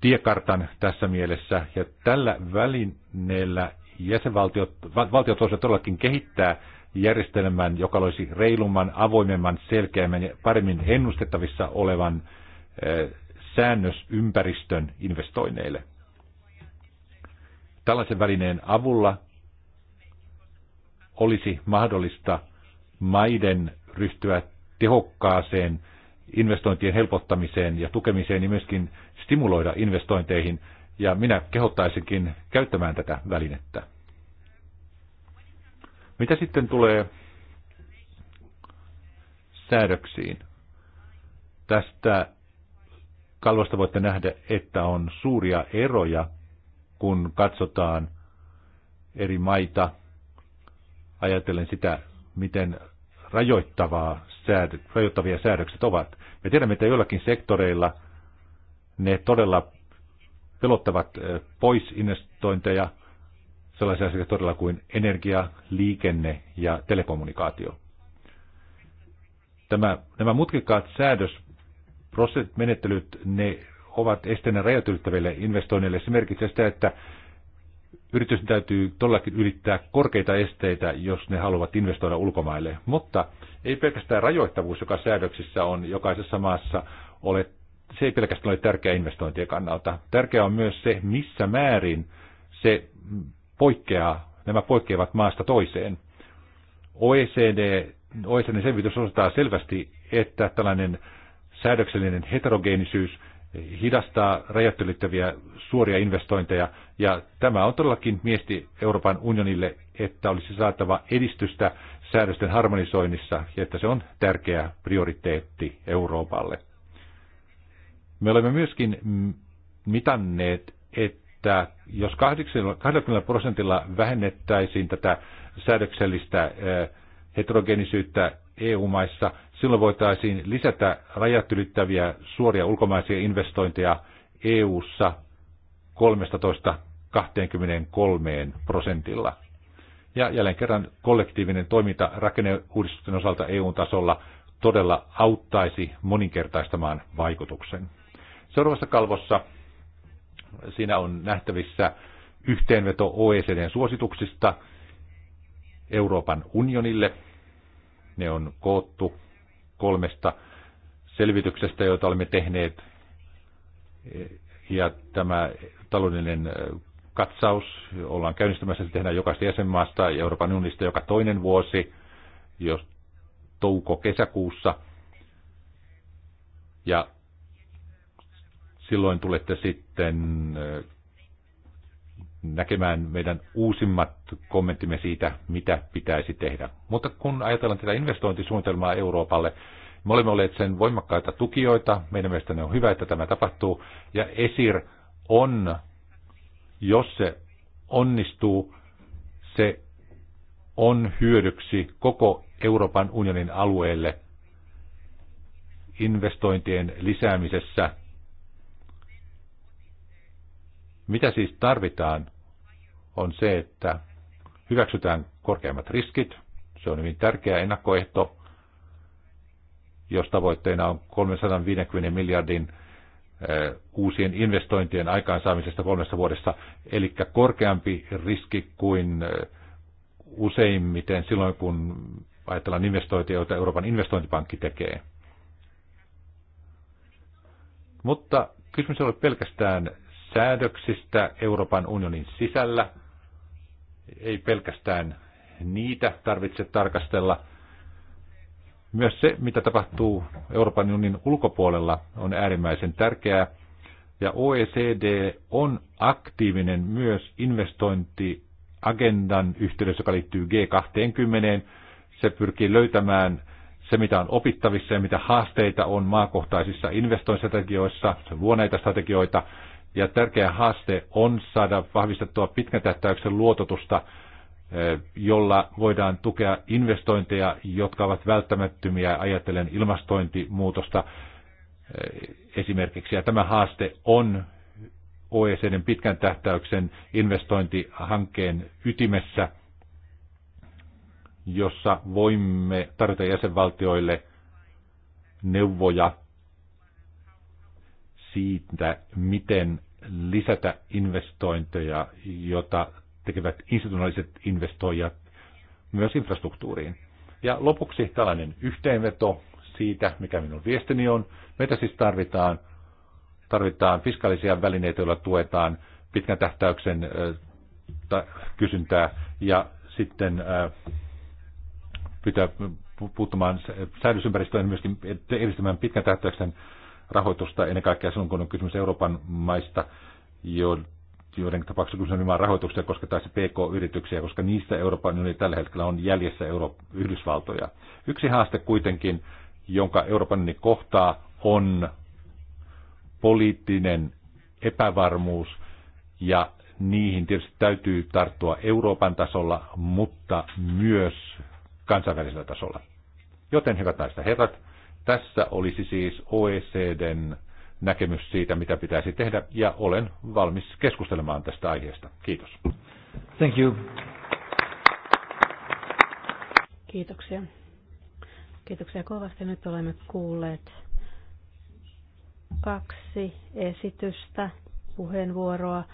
tiekartan tässä mielessä. Ja tällä välineellä jäsenvaltiot, valtiot voisivat todellakin kehittää järjestelmän, joka olisi reilumman, avoimemman, selkeämmän ja paremmin ennustettavissa olevan säännösympäristön investoinneille. Tällaisen välineen avulla olisi mahdollista maiden ryhtyä tehokkaaseen investointien helpottamiseen ja tukemiseen ja niin myöskin stimuloida investointeihin. Ja minä kehottaisinkin käyttämään tätä välinettä. Mitä sitten tulee säädöksiin? Tästä kalvosta voitte nähdä, että on suuria eroja kun katsotaan eri maita, ajatellen sitä, miten rajoittavaa säädö, rajoittavia säädökset ovat. Me tiedämme, että joillakin sektoreilla ne todella pelottavat pois investointeja, sellaisia asioita todella kuin energia, liikenne ja telekommunikaatio. Tämä, nämä mutkikkaat säädösmenettelyt, ne ovat esteenä rajat ylittäville investoinneille. Se merkitsee sitä, että yritysten täytyy todellakin ylittää korkeita esteitä, jos ne haluavat investoida ulkomaille. Mutta ei pelkästään rajoittavuus, joka säädöksissä on jokaisessa maassa, ole, se ei pelkästään ole tärkeä investointien kannalta. Tärkeää on myös se, missä määrin se poikkeaa, nämä poikkeavat maasta toiseen. OECD, OECDn selvitys osoittaa selvästi, että tällainen säädöksellinen heterogeenisyys – hidastaa räjähtelyttäviä suoria investointeja. Ja tämä on todellakin miesti Euroopan unionille, että olisi saatava edistystä säädösten harmonisoinnissa ja että se on tärkeä prioriteetti Euroopalle. Me olemme myöskin mitanneet, että jos 80 prosentilla vähennettäisiin tätä säädöksellistä eh, heterogeenisyyttä EU-maissa – Silloin voitaisiin lisätä rajat ylittäviä suoria ulkomaisia investointeja EU-ssa 13-23 prosentilla. Ja jälleen kerran kollektiivinen toiminta rakenneuudistusten osalta EU-tasolla todella auttaisi moninkertaistamaan vaikutuksen. Seuraavassa kalvossa siinä on nähtävissä yhteenveto OECDn suosituksista Euroopan unionille. Ne on koottu kolmesta selvityksestä, joita olemme tehneet. Ja tämä taloudellinen katsaus ollaan käynnistämässä, se tehdään jokaisesta jäsenmaasta ja Euroopan unionista joka toinen vuosi, jos touko-kesäkuussa. Ja silloin tulette sitten näkemään meidän uusimmat kommenttimme siitä, mitä pitäisi tehdä. Mutta kun ajatellaan tätä investointisuunnitelmaa Euroopalle, me olemme olleet sen voimakkaita tukijoita. Meidän mielestämme on hyvä, että tämä tapahtuu. Ja ESIR on, jos se onnistuu, se on hyödyksi koko Euroopan unionin alueelle investointien lisäämisessä. Mitä siis tarvitaan? on se, että hyväksytään korkeammat riskit. Se on hyvin tärkeä ennakkoehto, jos tavoitteena on 350 miljardin eh, uusien investointien aikaansaamisesta kolmessa vuodessa, eli korkeampi riski kuin eh, useimmiten silloin, kun ajatellaan investointeja, joita Euroopan investointipankki tekee. Mutta kysymys ei ole pelkästään säädöksistä Euroopan unionin sisällä, ei pelkästään niitä tarvitse tarkastella. Myös se, mitä tapahtuu Euroopan unionin ulkopuolella, on äärimmäisen tärkeää. Ja OECD on aktiivinen myös investointiagendan yhteydessä, joka liittyy G20. Se pyrkii löytämään se, mitä on opittavissa ja mitä haasteita on maakohtaisissa investointistrategioissa. Se luo näitä strategioita ja tärkeä haaste on saada vahvistettua pitkän tähtäyksen luototusta, eh, jolla voidaan tukea investointeja, jotka ovat välttämättömiä ajatellen ilmastointimuutosta eh, esimerkiksi. Ja tämä haaste on OECDn pitkän tähtäyksen investointihankkeen ytimessä, jossa voimme tarjota jäsenvaltioille neuvoja siitä, miten lisätä investointeja, jota tekevät institutionaaliset investoijat myös infrastruktuuriin. Ja lopuksi tällainen yhteenveto siitä, mikä minun viestini on. Meitä siis tarvitaan, tarvitaan fiskaalisia välineitä, joilla tuetaan pitkän tähtäyksen kysyntää ja sitten pitää puuttumaan säädösympäristöön myöskin edistämään pitkän tähtäyksen rahoitusta, ennen kaikkea silloin kun on kysymys Euroopan maista, joiden tapauksessa kysymys on vain rahoituksia koska taisi PK-yrityksiä, koska niissä Euroopan unioni tällä hetkellä on jäljessä Euro- Yhdysvaltoja. Yksi haaste kuitenkin, jonka Euroopan unioni kohtaa, on poliittinen epävarmuus ja niihin tietysti täytyy tarttua Euroopan tasolla, mutta myös kansainvälisellä tasolla. Joten hyvät naiset ja herrat, tässä olisi siis OECDn näkemys siitä, mitä pitäisi tehdä, ja olen valmis keskustelemaan tästä aiheesta. Kiitos. Thank you. Kiitoksia. Kiitoksia kovasti. Nyt olemme kuulleet kaksi esitystä, puheenvuoroa.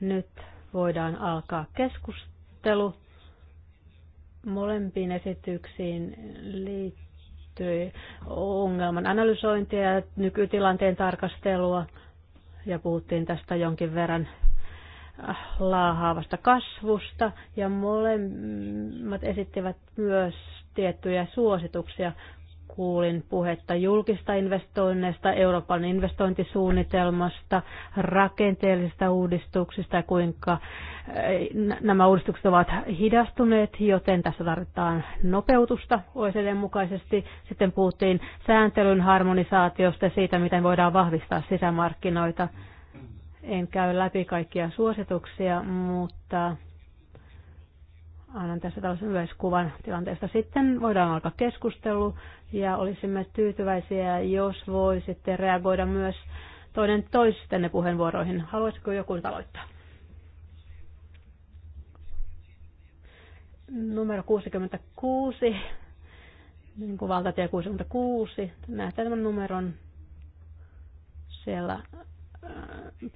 Nyt voidaan alkaa keskustelu. Molempiin esityksiin liittyen liittyy ongelman analysointia ja nykytilanteen tarkastelua. Ja puhuttiin tästä jonkin verran laahaavasta kasvusta ja molemmat esittivät myös tiettyjä suosituksia kuulin puhetta julkista investoinneista, Euroopan investointisuunnitelmasta, rakenteellisista uudistuksista ja kuinka eh, nämä uudistukset ovat hidastuneet, joten tässä tarvitaan nopeutusta OECD mukaisesti. Sitten puhuttiin sääntelyn harmonisaatiosta ja siitä, miten voidaan vahvistaa sisämarkkinoita. En käy läpi kaikkia suosituksia, mutta annan tässä tällaisen yleiskuvan tilanteesta. Sitten voidaan alkaa keskustelu ja olisimme tyytyväisiä, jos voisitte reagoida myös toinen toistenne puheenvuoroihin. Haluaisiko joku aloittaa? Numero 66, niin kuin valtatie 66. Näette tämän numeron siellä äh,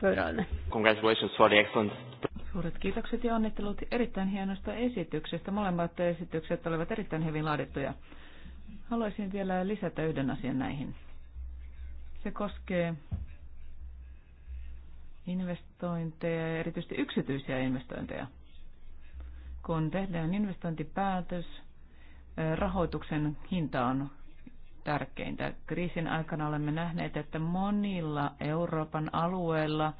pöydällä. Congratulations for the excellent Suuret kiitokset ja onnittelut erittäin hienosta esityksestä. Molemmat esitykset olivat erittäin hyvin laadittuja. Haluaisin vielä lisätä yhden asian näihin. Se koskee investointeja ja erityisesti yksityisiä investointeja. Kun tehdään investointipäätös, rahoituksen hinta on tärkeintä. Kriisin aikana olemme nähneet, että monilla Euroopan alueilla –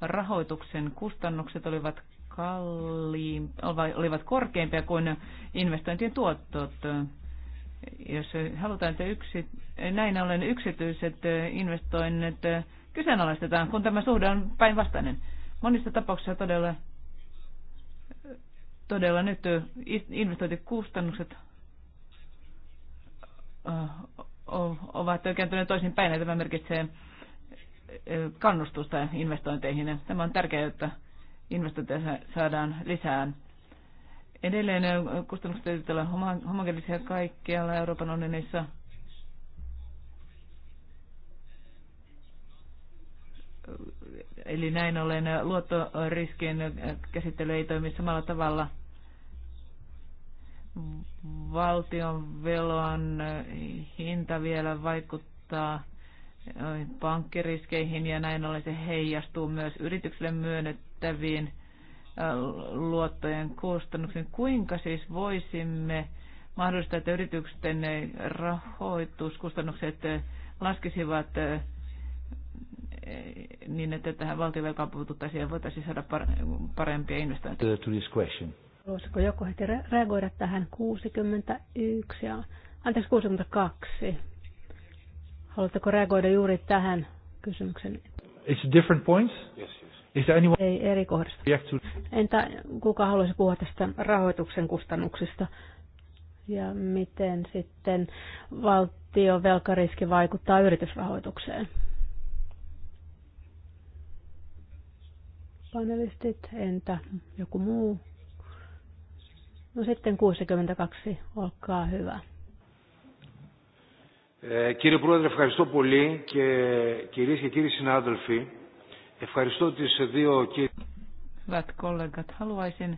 rahoituksen kustannukset olivat kalliim, olivat korkeampia kuin investointien tuottot. Jos halutaan, että yksi, näin ollen yksityiset investoinnit kyseenalaistetaan, kun tämä suhde on päinvastainen. Monissa tapauksissa todella, todella nyt investointikustannukset ovat kääntyneet toisin päin, ja tämä merkitsee kannustusta investointeihin. Tämä on tärkeää, että investointeja saadaan lisää. Edelleen kustannukset täytyy olla homogeenisia kaikkialla Euroopan unionissa. Eli näin ollen luottoriskien käsittely ei toimi samalla tavalla valtion velon hinta vielä vaikuttaa pankkiriskeihin ja näin ollen se heijastuu myös yrityksille myönnettäviin luottojen kustannuksiin. Kuinka siis voisimme mahdollistaa, että yritysten rahoituskustannukset laskisivat niin, että tähän valtionvelkaan puututtaisiin ja voitaisiin saada parempia investointeja? To Haluaisiko joku heti reagoida tähän 61 ja anteeksi 62? Haluatteko reagoida juuri tähän kysymykseen? It's different points? Yes, yes. Is there anyone... Ei eri To... Entä kuka haluaisi puhua tästä rahoituksen kustannuksista? Ja miten sitten valtion velkariski vaikuttaa yritysrahoitukseen? Panelistit, entä joku muu? No sitten 62, olkaa hyvä. Ε, κύριε Πρόεδρε, ευχαριστώ πολύ και κυρίες και κύριοι συνάδελφοι, ευχαριστώ τις δύο κύριες. Hyvät kollegat, haluaisin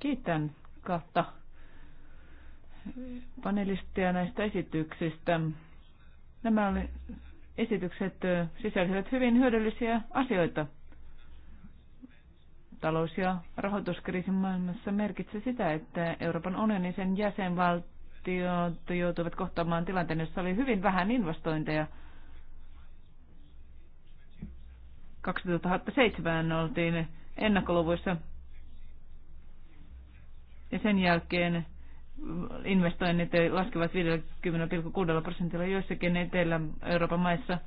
kiittää kahta panelistia näistä esityksistä. Nämä esitykset sisälsivät hyvin hyödyllisiä asioita. Talous- ja rahoituskriisin maailmassa merkitsee sitä, että Euroopan unionin sen jäsenvaltio jäsenvaltiot joutuivat kohtaamaan tilanteen, jossa oli hyvin vähän investointeja. 2007 oltiin ennakkoluvuissa ja sen jälkeen investoinnit laskevat 50,6 prosentilla joissakin Etelä-Euroopan maissa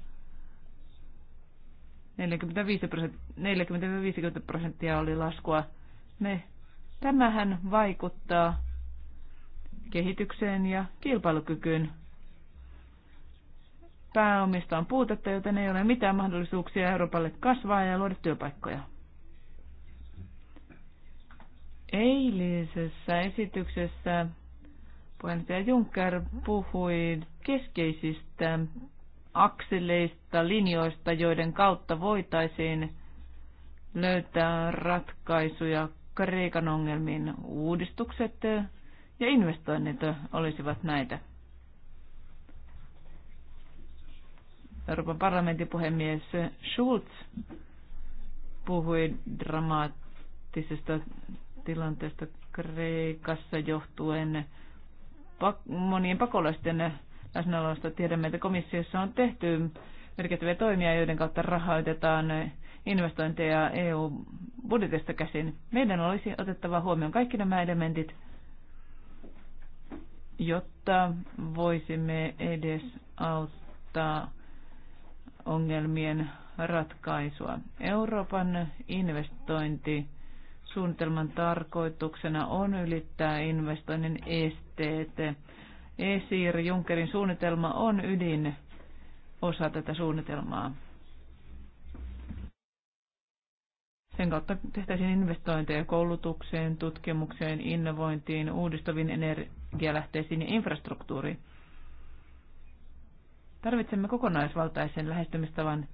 40-50 prosenttia oli laskua. Me, tämähän vaikuttaa kehitykseen ja kilpailukykyyn. Pääomista on puutetta, joten ei ole mitään mahdollisuuksia Euroopalle kasvaa ja luoda työpaikkoja. Eilisessä esityksessä puheenjohtaja Juncker puhui keskeisistä akseleista, linjoista, joiden kautta voitaisiin löytää ratkaisuja Kreikan ongelmiin uudistukset ja investoinnit olisivat näitä. Euroopan parlamentin puhemies Schulz puhui dramaattisesta tilanteesta Kreikassa johtuen monien pakolaisten läsnäolosta. Tiedämme, että komissiossa on tehty merkittäviä toimia, joiden kautta rahoitetaan investointeja EU-budjetista käsin. Meidän olisi otettava huomioon kaikki nämä elementit – jotta voisimme edes auttaa ongelmien ratkaisua. Euroopan investointisuunnitelman tarkoituksena on ylittää investoinnin esteet. ESIR Junckerin suunnitelma on ydin osa tätä suunnitelmaa. Sen kautta tehtäisiin investointeja koulutukseen, tutkimukseen, innovointiin, uudistaviin energialähteisiin ja infrastruktuuriin. Tarvitsemme kokonaisvaltaisen lähestymistavan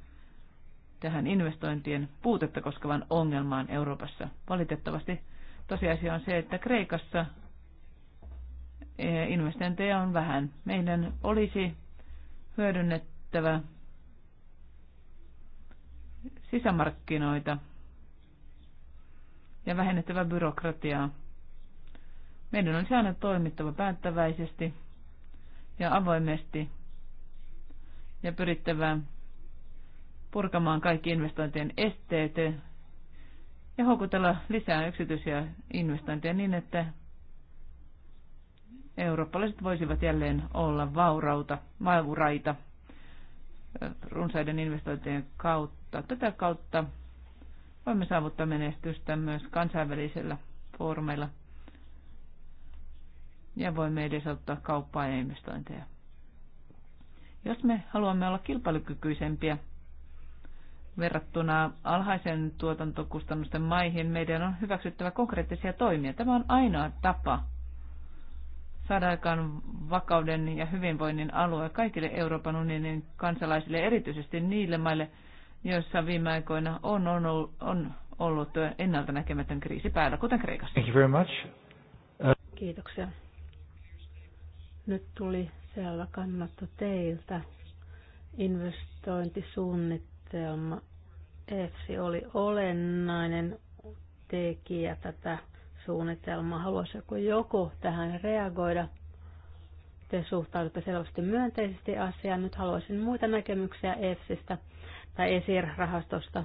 tähän investointien puutetta koskevan ongelmaan Euroopassa. Valitettavasti tosiasia on se, että Kreikassa eh, investointeja on vähän. Meidän olisi hyödynnettävä sisämarkkinoita ja vähennettävä byrokratiaa. Meidän on aina toimittava päättäväisesti ja avoimesti ja pyrittävä purkamaan kaikki investointien esteet ja houkutella lisää yksityisiä investointeja niin, että eurooppalaiset voisivat jälleen olla vaurauta, vauraita runsaiden investointien kautta. Tätä kautta voimme saavuttaa menestystä myös kansainvälisillä foorumeilla ja voimme edesauttaa kauppaa ja investointeja. Jos me haluamme olla kilpailukykyisempiä verrattuna alhaisen tuotantokustannusten maihin, meidän on hyväksyttävä konkreettisia toimia. Tämä on ainoa tapa saada aikaan vakauden ja hyvinvoinnin alue kaikille Euroopan unionin kansalaisille, erityisesti niille maille, joissa viime aikoina on, on, on ollut ennalta näkemätön kriisi päällä, kuten Kreikassa. Thank you very much. Kiitoksia. Nyt tuli selvä kannatto teiltä. Investointisuunnitelma EFSI oli olennainen tekijä tätä suunnitelmaa. Haluaisiko joku tähän reagoida? Te suhtaudutte selvästi myönteisesti asiaan. Nyt haluaisin muita näkemyksiä EFSistä tai ESIR-rahastosta.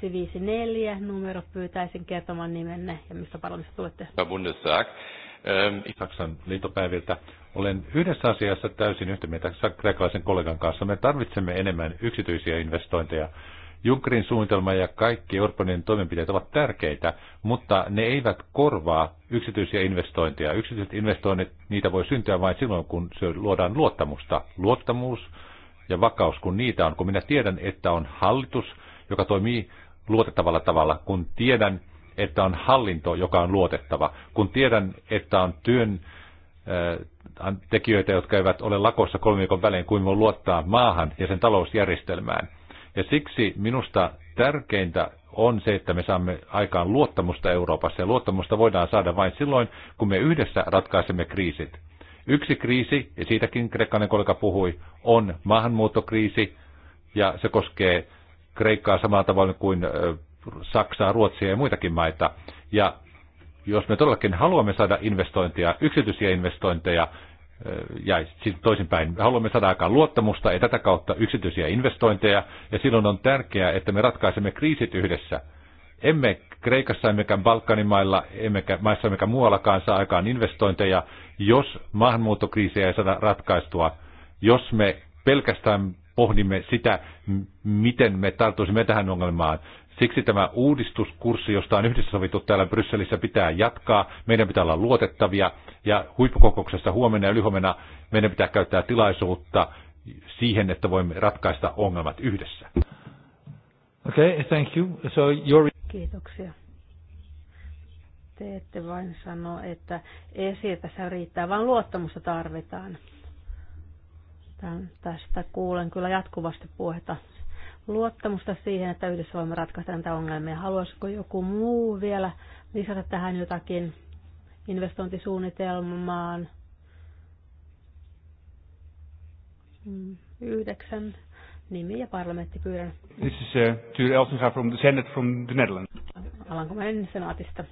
154 numero pyytäisin kertomaan nimenne ja mistä parlamentista tulette. Bundestag. Ähm, Itaksan liitopäiviltä. Olen yhdessä asiassa täysin yhtä mieltä kreikkalaisen kollegan kanssa. Me tarvitsemme enemmän yksityisiä investointeja. Junckerin suunnitelma ja kaikki Orbanin toimenpiteet ovat tärkeitä, mutta ne eivät korvaa yksityisiä investointeja. Yksityiset investoinnit, niitä voi syntyä vain silloin, kun se luodaan luottamusta. Luottamus ja vakaus, kun niitä on. Kun minä tiedän, että on hallitus, joka toimii luotettavalla tavalla, kun tiedän, että on hallinto, joka on luotettava. Kun tiedän, että on työn äh, tekijöitä, jotka eivät ole lakossa kolmen viikon välein, kuin voi luottaa maahan ja sen talousjärjestelmään. Ja siksi minusta tärkeintä on se, että me saamme aikaan luottamusta Euroopassa, ja luottamusta voidaan saada vain silloin, kun me yhdessä ratkaisemme kriisit. Yksi kriisi, ja siitäkin kreikkalainen kollega puhui, on maahanmuuttokriisi, ja se koskee Kreikkaa samalla tavalla kuin Saksaa, Ruotsia ja muitakin maita. Ja jos me todellakin haluamme saada investointeja, yksityisiä investointeja, ja siis toisinpäin, me haluamme saada aikaan luottamusta ja tätä kautta yksityisiä investointeja, ja silloin on tärkeää, että me ratkaisemme kriisit yhdessä. Emme Kreikassa, emmekä Balkanin mailla, emmekä maissa, emmekä muuallakaan saa aikaan investointeja, jos maahanmuuttokriisiä ei saada ratkaistua, jos me pelkästään pohdimme sitä, miten me tarttuisimme tähän ongelmaan, Siksi tämä uudistuskurssi, josta on yhdessä sovittu täällä Brysselissä, pitää jatkaa. Meidän pitää olla luotettavia ja huippukokouksessa huomenna ja ylihuomenna meidän pitää käyttää tilaisuutta siihen, että voimme ratkaista ongelmat yhdessä. Okay, thank you. So your... Kiitoksia. Te ette vain sano, että ei sieltä tässä riittää, vaan luottamusta tarvitaan. Tän, tästä kuulen kyllä jatkuvasti puhetta luottamusta siihen, että yhdessä voimme ratkaista näitä ongelmia. Haluaisiko joku muu vielä lisätä tähän jotakin investointisuunnitelmaan? Mm, yhdeksän nimi ja parlamentti pyydän. This is uh, Elsinga from the Senate from the Netherlands. Alankomainen senaatista.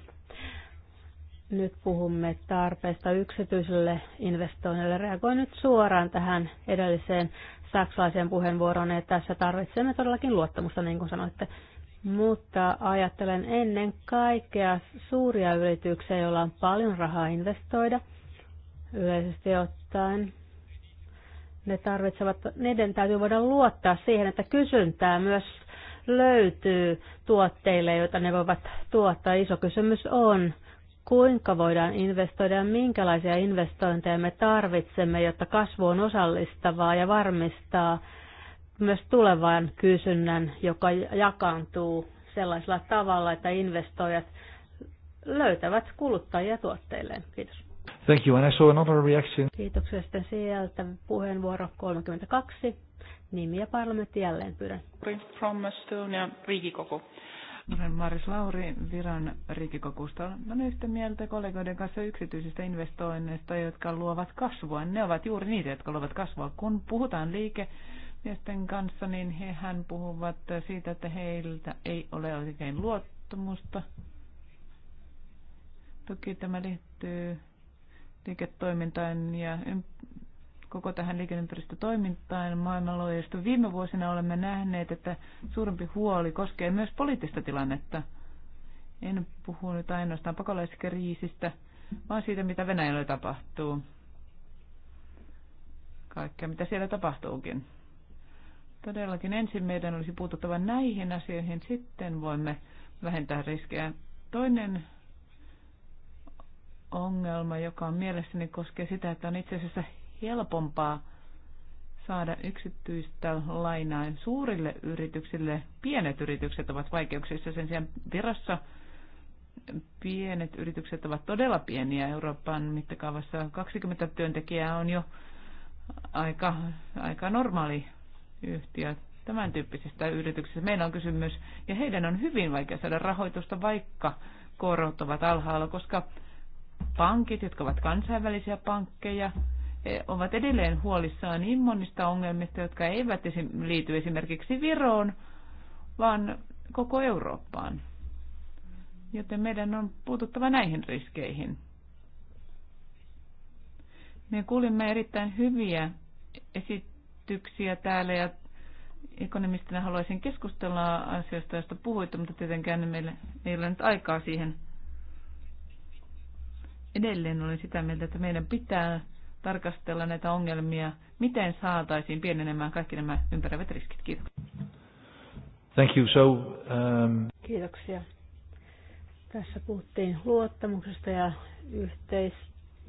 Nyt puhumme tarpeesta yksityiselle investoinnille. Reagoin nyt suoraan tähän edelliseen saksalaiseen puheenvuoroon, että tässä tarvitsemme todellakin luottamusta, niin kuin sanoitte. Mutta ajattelen ennen kaikkea suuria yrityksiä, joilla on paljon rahaa investoida yleisesti ottaen. Ne tarvitsevat, niiden täytyy voida luottaa siihen, että kysyntää myös löytyy tuotteille, joita ne voivat tuottaa. Iso kysymys on, kuinka voidaan investoida ja minkälaisia investointeja me tarvitsemme, jotta kasvu on osallistavaa ja varmistaa myös tulevan kysynnän, joka jakaantuu sellaisella tavalla, että investoijat löytävät kuluttajia tuotteilleen. Kiitos. Thank you, and I saw another reaction. Kiitoksia sitten sieltä. Puheenvuoro 32. Nimi ja parlamentti jälleen pyydän. From Estonia, Riikikoko. Olen Maris Lauri Viron riikkikokousta. Olen yhtä mieltä kollegoiden kanssa yksityisistä investoinneista, jotka luovat kasvua. Ne ovat juuri niitä, jotka luovat kasvua. Kun puhutaan miesten kanssa, niin hehän puhuvat siitä, että heiltä ei ole oikein luottamusta. Toki tämä liittyy liiketoimintaan ja koko tähän liikenneympäristötoimintaan maailmanlaajuisesti. Viime vuosina olemme nähneet, että suurempi huoli koskee myös poliittista tilannetta. En puhu nyt ainoastaan pakolaiskriisistä, vaan siitä, mitä Venäjällä tapahtuu. Kaikkea, mitä siellä tapahtuukin. Todellakin ensin meidän olisi puututtava näihin asioihin, sitten voimme vähentää riskejä. Toinen ongelma, joka on mielessäni koskee sitä, että on itse asiassa helpompaa saada yksityistä lainaa suurille yrityksille. Pienet yritykset ovat vaikeuksissa sen sijaan virassa. Pienet yritykset ovat todella pieniä Euroopan mittakaavassa. 20 työntekijää on jo aika, aika normaali yhtiö tämän tyyppisistä yrityksistä. Meillä on kysymys, ja heidän on hyvin vaikea saada rahoitusta, vaikka korot ovat alhaalla, koska pankit, jotka ovat kansainvälisiä pankkeja, ovat edelleen huolissaan niin monista ongelmista, jotka eivät liity esimerkiksi Viroon, vaan koko Eurooppaan. Joten meidän on puututtava näihin riskeihin. Me kuulimme erittäin hyviä esityksiä täällä ja ekonomistina haluaisin keskustella asioista, joista puhuitte, mutta tietenkään meillä ei ole nyt aikaa siihen. Edelleen olen sitä mieltä, että meidän pitää tarkastella näitä ongelmia, miten saataisiin pienenemään kaikki nämä ympäröivät riskit. Kiitos. Thank you. So, um... Kiitoksia. Tässä puhuttiin luottamuksesta ja yhteis,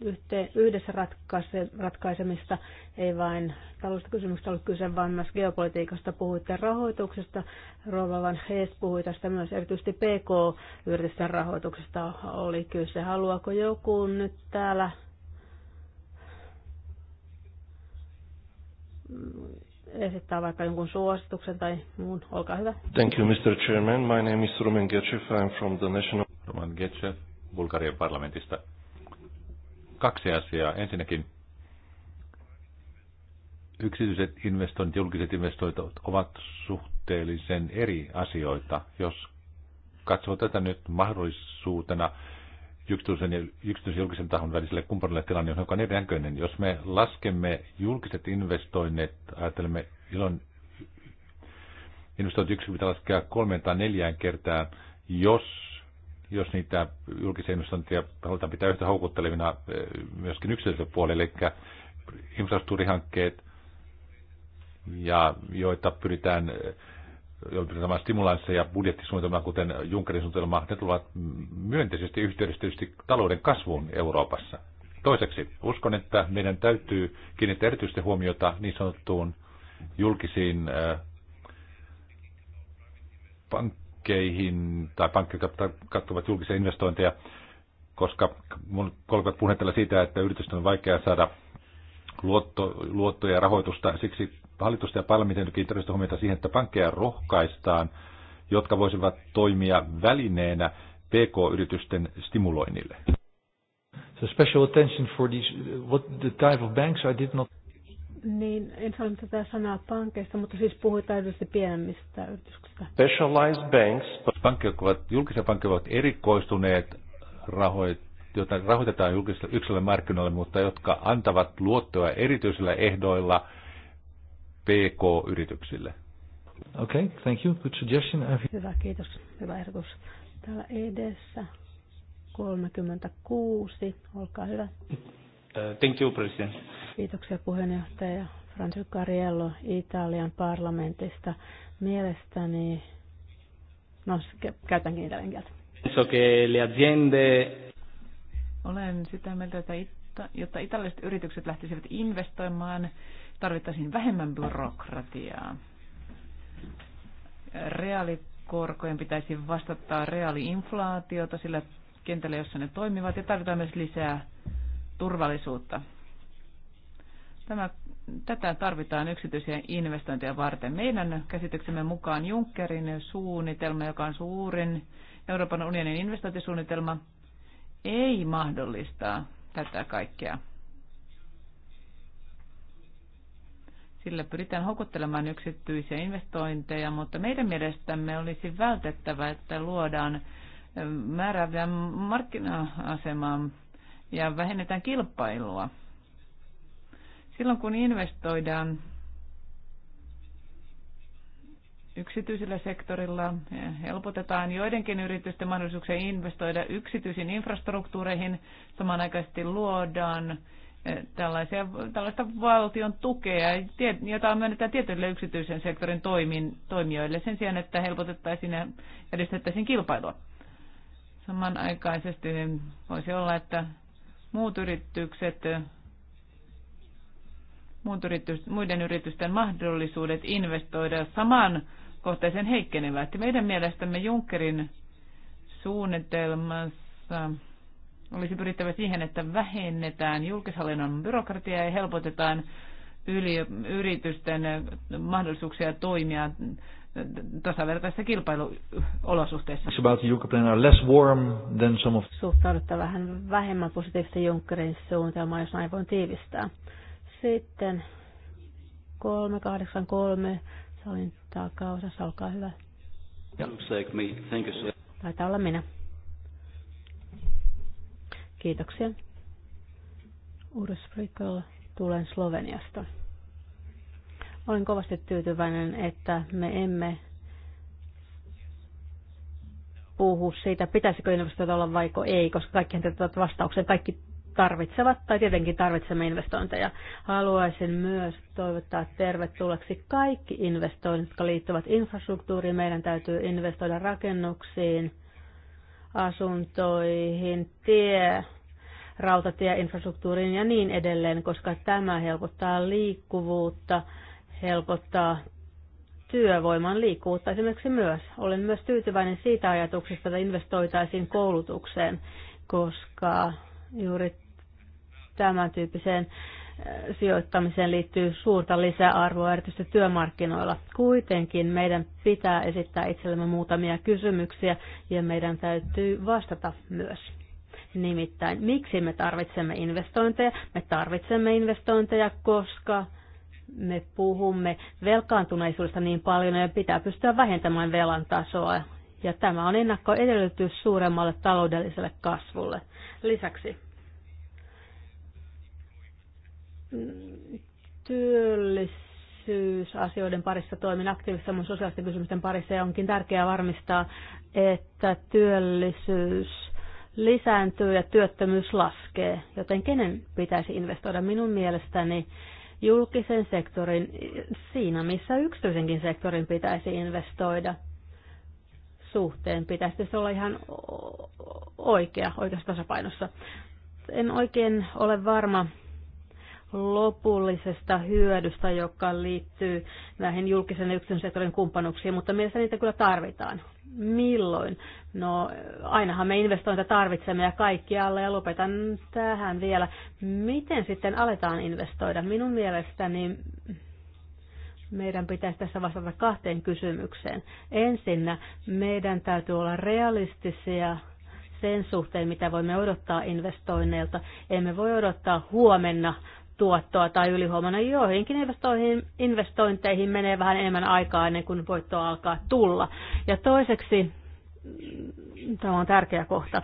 yhteen, yhdessä ratkaise, ratkaisemista. Ei vain taloudellisesta kysymyksestä ollut kyse, vaan myös geopolitiikasta. Puhuitte rahoituksesta. Rova Van Hees puhui tästä myös erityisesti PK-yritysten rahoituksesta oli kyse. Haluaako joku nyt täällä esittää vaikka jonkun suosituksen tai muun. Olkaa hyvä. Thank you, Mr. Chairman. My name is Roman Getchev. I'm from the National... Roman Getchev Bulgarian parlamentista. Kaksi asiaa. Ensinnäkin yksityiset investoinnit, julkiset investoinnit ovat suhteellisen eri asioita. Jos katsoo tätä nyt mahdollisuutena, yksityisen ja yksityisjulkisen tahon väliselle kumppanille tilanne on hiukan erinäköinen. Jos me laskemme julkiset investoinnit, ajattelemme ilon investoinnit yksi pitää laskea kolmeen tai neljään kertaan, jos, jos niitä julkisia investointeja halutaan pitää yhtä houkuttelevina eh, myöskin yksityiselle puolelle, eli infrastruktuurihankkeet, ja joita pyritään eh, joudutaan stimulansseja ja budjettisuunnitelma, kuten Junckerin suunnitelma, ne tulevat myönteisesti yhteydessä talouden kasvuun Euroopassa. Toiseksi, uskon, että meidän täytyy kiinnittää erityisesti huomiota niin sanottuun julkisiin äh, pankkeihin tai pankkeja, jotka katsovat julkisia investointeja, koska mun kollegat puhuneet siitä, että yritysten on vaikea saada luotto, luottoja ja rahoitusta. Siksi hallitusta ja parlamentin kiinnittänyt huomiota siihen, että pankkeja rohkaistaan, jotka voisivat toimia välineenä PK-yritysten stimuloinnille. So special attention for these, what the type of banks I did not... Niin, en sano tätä sanaa pankeista, mutta siis puhutaan yleisesti pienemmistä yrityksistä. Specialized banks. Pankit ovat, julkisia pankkeja ovat erikoistuneet rahoit, joita rahoitetaan julkisille yksilölle markkinoille, mutta jotka antavat luottoja erityisillä ehdoilla – PK-yrityksille. Okay, thank you. Good suggestion. Hyvä, kiitos. Hyvä ehdotus. Täällä edessä 36. Olkaa hyvä. Uh, thank you, President. Kiitoksia puheenjohtaja Francesco Cariello Italian parlamentista. Mielestäni, no käytänkin italian kieltä. So, che le aziende... Olen sitä mieltä, että jotta italialaiset yritykset lähtisivät investoimaan tarvittaisiin vähemmän byrokratiaa. Reaalikorkojen pitäisi vastata reaaliinflaatiota sillä kentällä, jossa ne toimivat, ja tarvitaan myös lisää turvallisuutta. Tämä, tätä tarvitaan yksityisiä investointeja varten. Meidän käsityksemme mukaan Junckerin suunnitelma, joka on suurin Euroopan unionin investointisuunnitelma, ei mahdollistaa tätä kaikkea. Sillä pyritään houkuttelemaan yksityisiä investointeja, mutta meidän mielestämme olisi vältettävä, että luodaan määräävää markkina-asemaa ja vähennetään kilpailua. Silloin kun investoidaan yksityisellä sektorilla, helpotetaan joidenkin yritysten mahdollisuuksia investoida yksityisiin infrastruktuureihin, samanaikaisesti luodaan Eh, tällaisia, tällaista valtion tukea, jota myönnetään tietylle yksityisen sektorin toimin, toimijoille sen sijaan, että helpotettaisiin ja edistettäisiin kilpailua. Samanaikaisesti voisi olla, että muut yritykset, muut yritys, muiden yritysten mahdollisuudet investoida samaan kohteeseen heikkenevät. Meidän mielestämme Junckerin suunnitelmassa olisi pyrittävä siihen, että vähennetään julkishallinnon byrokratiaa ja helpotetaan yli, yritysten mahdollisuuksia toimia tasavertaisissa kilpailuolosuhteissa. Suhtaudutta vähän vähemmän positiivista Junckerin suunnitelmaa, jos näin voin tiivistää. Sitten 383 salin takaosassa, olkaa hyvä. Taitaa olla minä. Kiitoksia. Uros Frikol, tulen Sloveniasta. Olen kovasti tyytyväinen, että me emme puhu siitä, pitäisikö investoida olla vaiko ei, koska kaikki tietävät vastauksen kaikki tarvitsevat tai tietenkin tarvitsemme investointeja. Haluaisin myös toivottaa tervetulleeksi kaikki investoinnit, jotka liittyvät infrastruktuuriin. Meidän täytyy investoida rakennuksiin, asuntoihin, tie, rautatieinfrastruktuuriin ja niin edelleen, koska tämä helpottaa liikkuvuutta, helpottaa työvoiman liikkuvuutta esimerkiksi myös. Olen myös tyytyväinen siitä ajatuksesta, että investoitaisiin koulutukseen, koska juuri tämän tyyppiseen sijoittamiseen liittyy suurta lisäarvoa erityisesti työmarkkinoilla. Kuitenkin meidän pitää esittää itsellemme muutamia kysymyksiä ja meidän täytyy vastata myös. Nimittäin, miksi me tarvitsemme investointeja? Me tarvitsemme investointeja, koska me puhumme velkaantuneisuudesta niin paljon ja pitää pystyä vähentämään velan tasoa. Ja tämä on ennakkoedellytys suuremmalle taloudelliselle kasvulle. Lisäksi työllisyysasioiden parissa toimin aktiivisesti mun sosiaalisten kysymysten parissa ja onkin tärkeää varmistaa, että työllisyys lisääntyy ja työttömyys laskee, joten kenen pitäisi investoida minun mielestäni julkisen sektorin siinä, missä yksityisenkin sektorin pitäisi investoida suhteen. Pitäisi se olla ihan oikea, oikeassa tasapainossa. En oikein ole varma, lopullisesta hyödystä, joka liittyy näihin julkisen ja yksityisen sektorin kumppanuksiin, mutta mielestäni niitä kyllä tarvitaan. Milloin? No, ainahan me investointeja tarvitsemme ja kaikkialla, ja lopetan tähän vielä. Miten sitten aletaan investoida? Minun mielestäni meidän pitäisi tässä vastata kahteen kysymykseen. Ensinnä meidän täytyy olla realistisia sen suhteen, mitä voimme odottaa investoinneilta. Emme voi odottaa huomenna tuottoa tai ylihuomenna joihinkin investointeihin menee vähän enemmän aikaa ennen kuin voitto alkaa tulla. Ja toiseksi, mm, tämä on tärkeä kohta,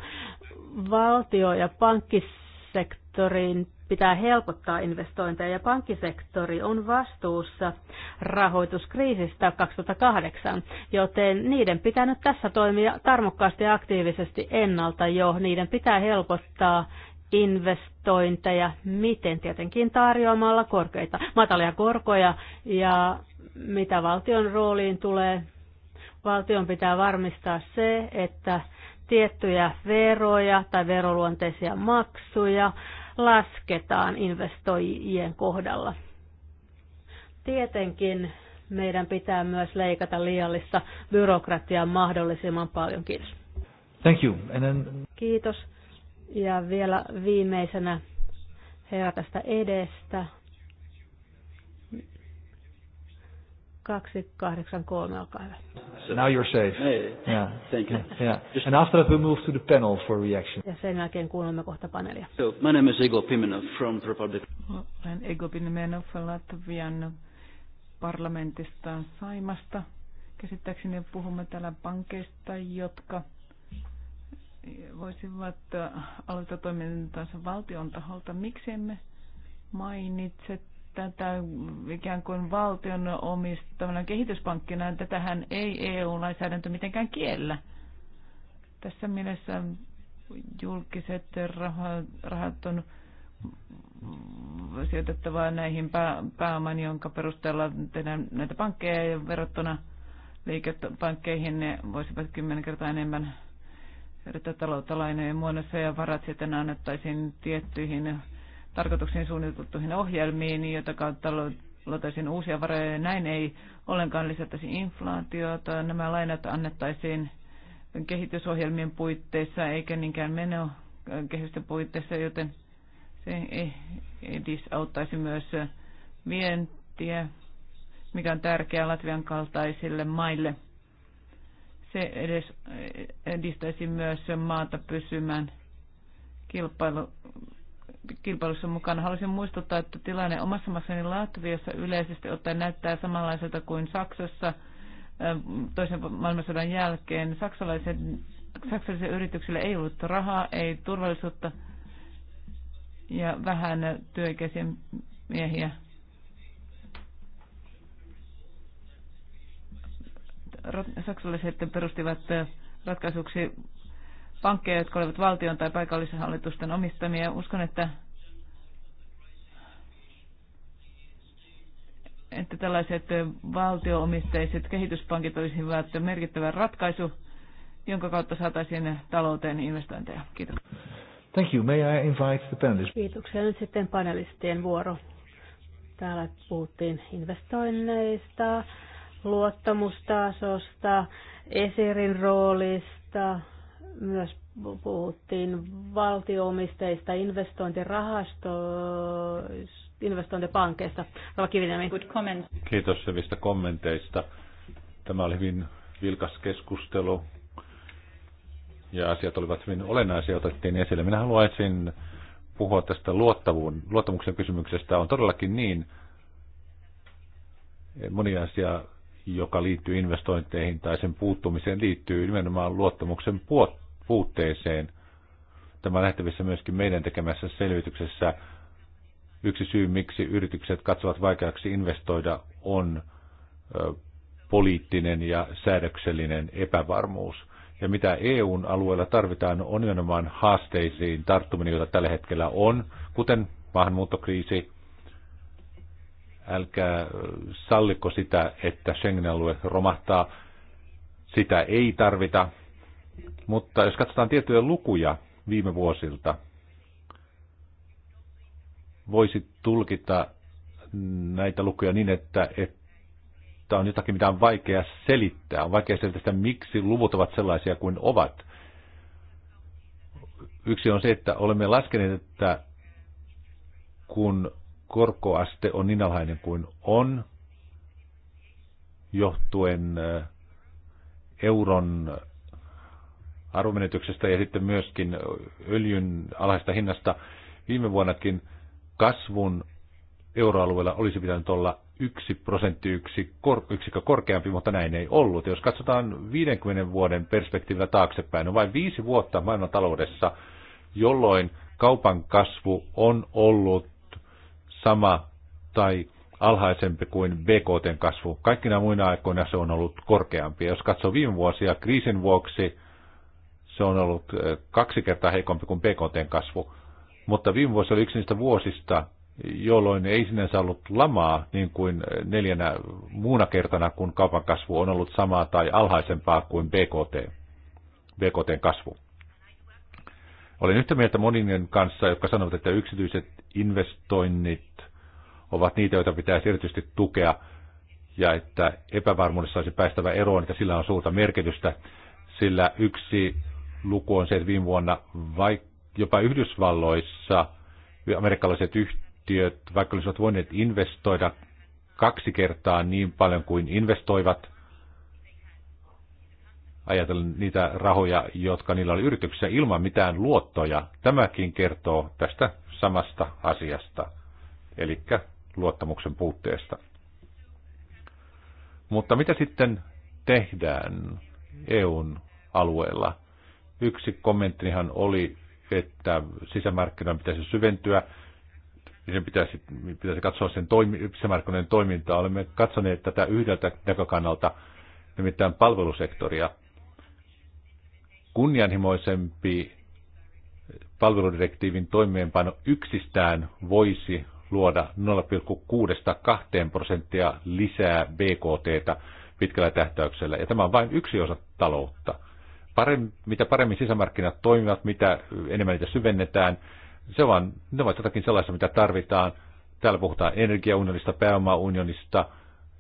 valtio- ja pankkisektorin pitää helpottaa investointeja ja pankkisektori on vastuussa rahoituskriisistä 2008, joten niiden pitää nyt tässä toimia tarmokkaasti ja aktiivisesti ennalta jo. Niiden pitää helpottaa investointeja. Miten? Tietenkin tarjoamalla korkeita, matalia korkoja ja mitä valtion rooliin tulee. Valtion pitää varmistaa se, että tiettyjä veroja tai veroluonteisia maksuja lasketaan investoijien kohdalla. Tietenkin meidän pitää myös leikata liiallista byrokratiaa mahdollisimman paljon. Kiitos. Thank you. And then... Kiitos. Ja vielä viimeisenä herra tästä edestä. 283, olkaa hyvä. So now you're safe. Hey, yeah. Thank you. Yeah. And after that we move to the panel for reaction. Ja sen jälkeen kuulemme kohta paneelia. So, my name is Igor Pimenov from the Republic. Olen Igor Pimenov Latvian parlamentista Saimasta. Käsittääkseni puhumme täällä pankeista, jotka voisivat äh, aloittaa toimintansa valtion taholta. Miksi emme mainitse tätä ikään kuin valtion omistamana kehityspankkina? Tätähän ei EU-lainsäädäntö mitenkään kiellä. Tässä mielessä julkiset rahat on sijoitettava näihin pääoman, jonka perusteella tehdään näitä pankkeja ja verrattuna liikepankkeihin ne voisivat kymmenen kertaa enemmän taloutta lainojen muodossa ja varat sitten annettaisiin tiettyihin tarkoituksiin suunniteltuihin ohjelmiin, joita kautta luotaisiin uusia varoja ja näin ei ollenkaan lisättäisi inflaatiota. Nämä lainat annettaisiin kehitysohjelmien puitteissa eikä niinkään meno kehysten puitteissa, joten se edisauttaisi myös vientiä, mikä on tärkeää Latvian kaltaisille maille – se edes eh, edistäisi myös maata pysymään kilpailu, kilpailussa mukana. Haluaisin muistuttaa, että tilanne omassa maassani Latviassa yleisesti ottaen näyttää samanlaiselta kuin Saksassa eh, toisen maailmansodan jälkeen. Saksalaiset, saksalaisille yrityksille ei ollut rahaa, ei turvallisuutta ja vähän työikäisiä miehiä saksalaiset perustivat äh, ratkaisuksi pankkeja, jotka olivat valtion tai paikallisen hallitusten omistamia. Uskon, että, että tällaiset äh, valtioomisteiset kehityspankit olisivat merkittävä ratkaisu, jonka kautta saataisiin talouteen investointeja. Kiitos. Thank you. May I invite the panelists? Kiitoksia. Nyt sitten panelistien vuoro. Täällä puhuttiin investoinneista, luottamustasosta, esirin roolista, myös puhuttiin valtioomisteista investointirahastoista, investointipankeista. Kiitos hyvistä kommenteista. Tämä oli hyvin vilkas keskustelu ja asiat olivat hyvin olennaisia, otettiin esille. Minä haluaisin puhua tästä luottamuksen kysymyksestä. On todellakin niin, moni asia joka liittyy investointeihin tai sen puuttumiseen, liittyy nimenomaan luottamuksen puutteeseen. Tämä on nähtävissä myöskin meidän tekemässä selvityksessä. Yksi syy, miksi yritykset katsovat vaikeaksi investoida, on poliittinen ja säädöksellinen epävarmuus. Ja mitä EUn alueella tarvitaan, on nimenomaan haasteisiin tarttuminen, joita tällä hetkellä on, kuten maahanmuuttokriisi, älkää salliko sitä, että Schengen-alue romahtaa. Sitä ei tarvita. Mutta jos katsotaan tiettyjä lukuja viime vuosilta, voisi tulkita näitä lukuja niin, että, että on jotakin, mitä on vaikea selittää. On vaikea selittää sitä, miksi luvut ovat sellaisia kuin ovat. Yksi on se, että olemme laskeneet, että kun korkoaste on niin alhainen kuin on, johtuen euron arvomenetyksestä ja sitten myöskin öljyn alhaista hinnasta. Viime vuonnakin kasvun euroalueella olisi pitänyt olla yksi prosenttiyksikkö korkeampi, mutta näin ei ollut. Jos katsotaan 50 vuoden perspektiivillä taaksepäin, on vain viisi vuotta maailmantaloudessa, jolloin kaupan kasvu on ollut sama tai alhaisempi kuin BKTn kasvu. Kaikkina muina aikoina se on ollut korkeampi. Jos katsoo viime vuosia kriisin vuoksi, se on ollut eh, kaksi kertaa heikompi kuin BKTn kasvu. Mutta viime vuosi oli yksi niistä vuosista, jolloin ei sinänsä ollut lamaa niin kuin eh, neljänä muuna kertana, kun kaupan kasvu on ollut samaa tai alhaisempaa kuin BKT, BKTn kasvu. Olen yhtä mieltä monien kanssa, jotka sanovat, että yksityiset investoinnit ovat niitä, joita pitää erityisesti tukea, ja että epävarmuudessa olisi päästävä eroon, että sillä on suurta merkitystä, sillä yksi luku on se, että viime vuonna vaikka jopa Yhdysvalloissa amerikkalaiset yhtiöt, vaikka olisivat voineet investoida kaksi kertaa niin paljon kuin investoivat, ajatellen niitä rahoja, jotka niillä oli yrityksessä ilman mitään luottoja. Tämäkin kertoo tästä samasta asiasta, eli luottamuksen puutteesta. Mutta mitä sitten tehdään EUn alueella? Yksi kommenttihan oli, että sisämarkkinoiden pitäisi syventyä, sen pitäisi, pitäisi katsoa sen toimi, sisämarkkinoiden toimintaa. Olemme katsoneet tätä yhdeltä näkökannalta, nimittäin palvelusektoria – kunnianhimoisempi palveludirektiivin toimeenpano yksistään voisi luoda 0,6-2 prosenttia lisää BKTtä pitkällä tähtäyksellä. Ja tämä on vain yksi osa taloutta. Parem, mitä paremmin sisämarkkinat toimivat, mitä enemmän niitä syvennetään, se on, ne ovat jotakin sellaista, mitä tarvitaan. Täällä puhutaan energiaunionista, pääomaunionista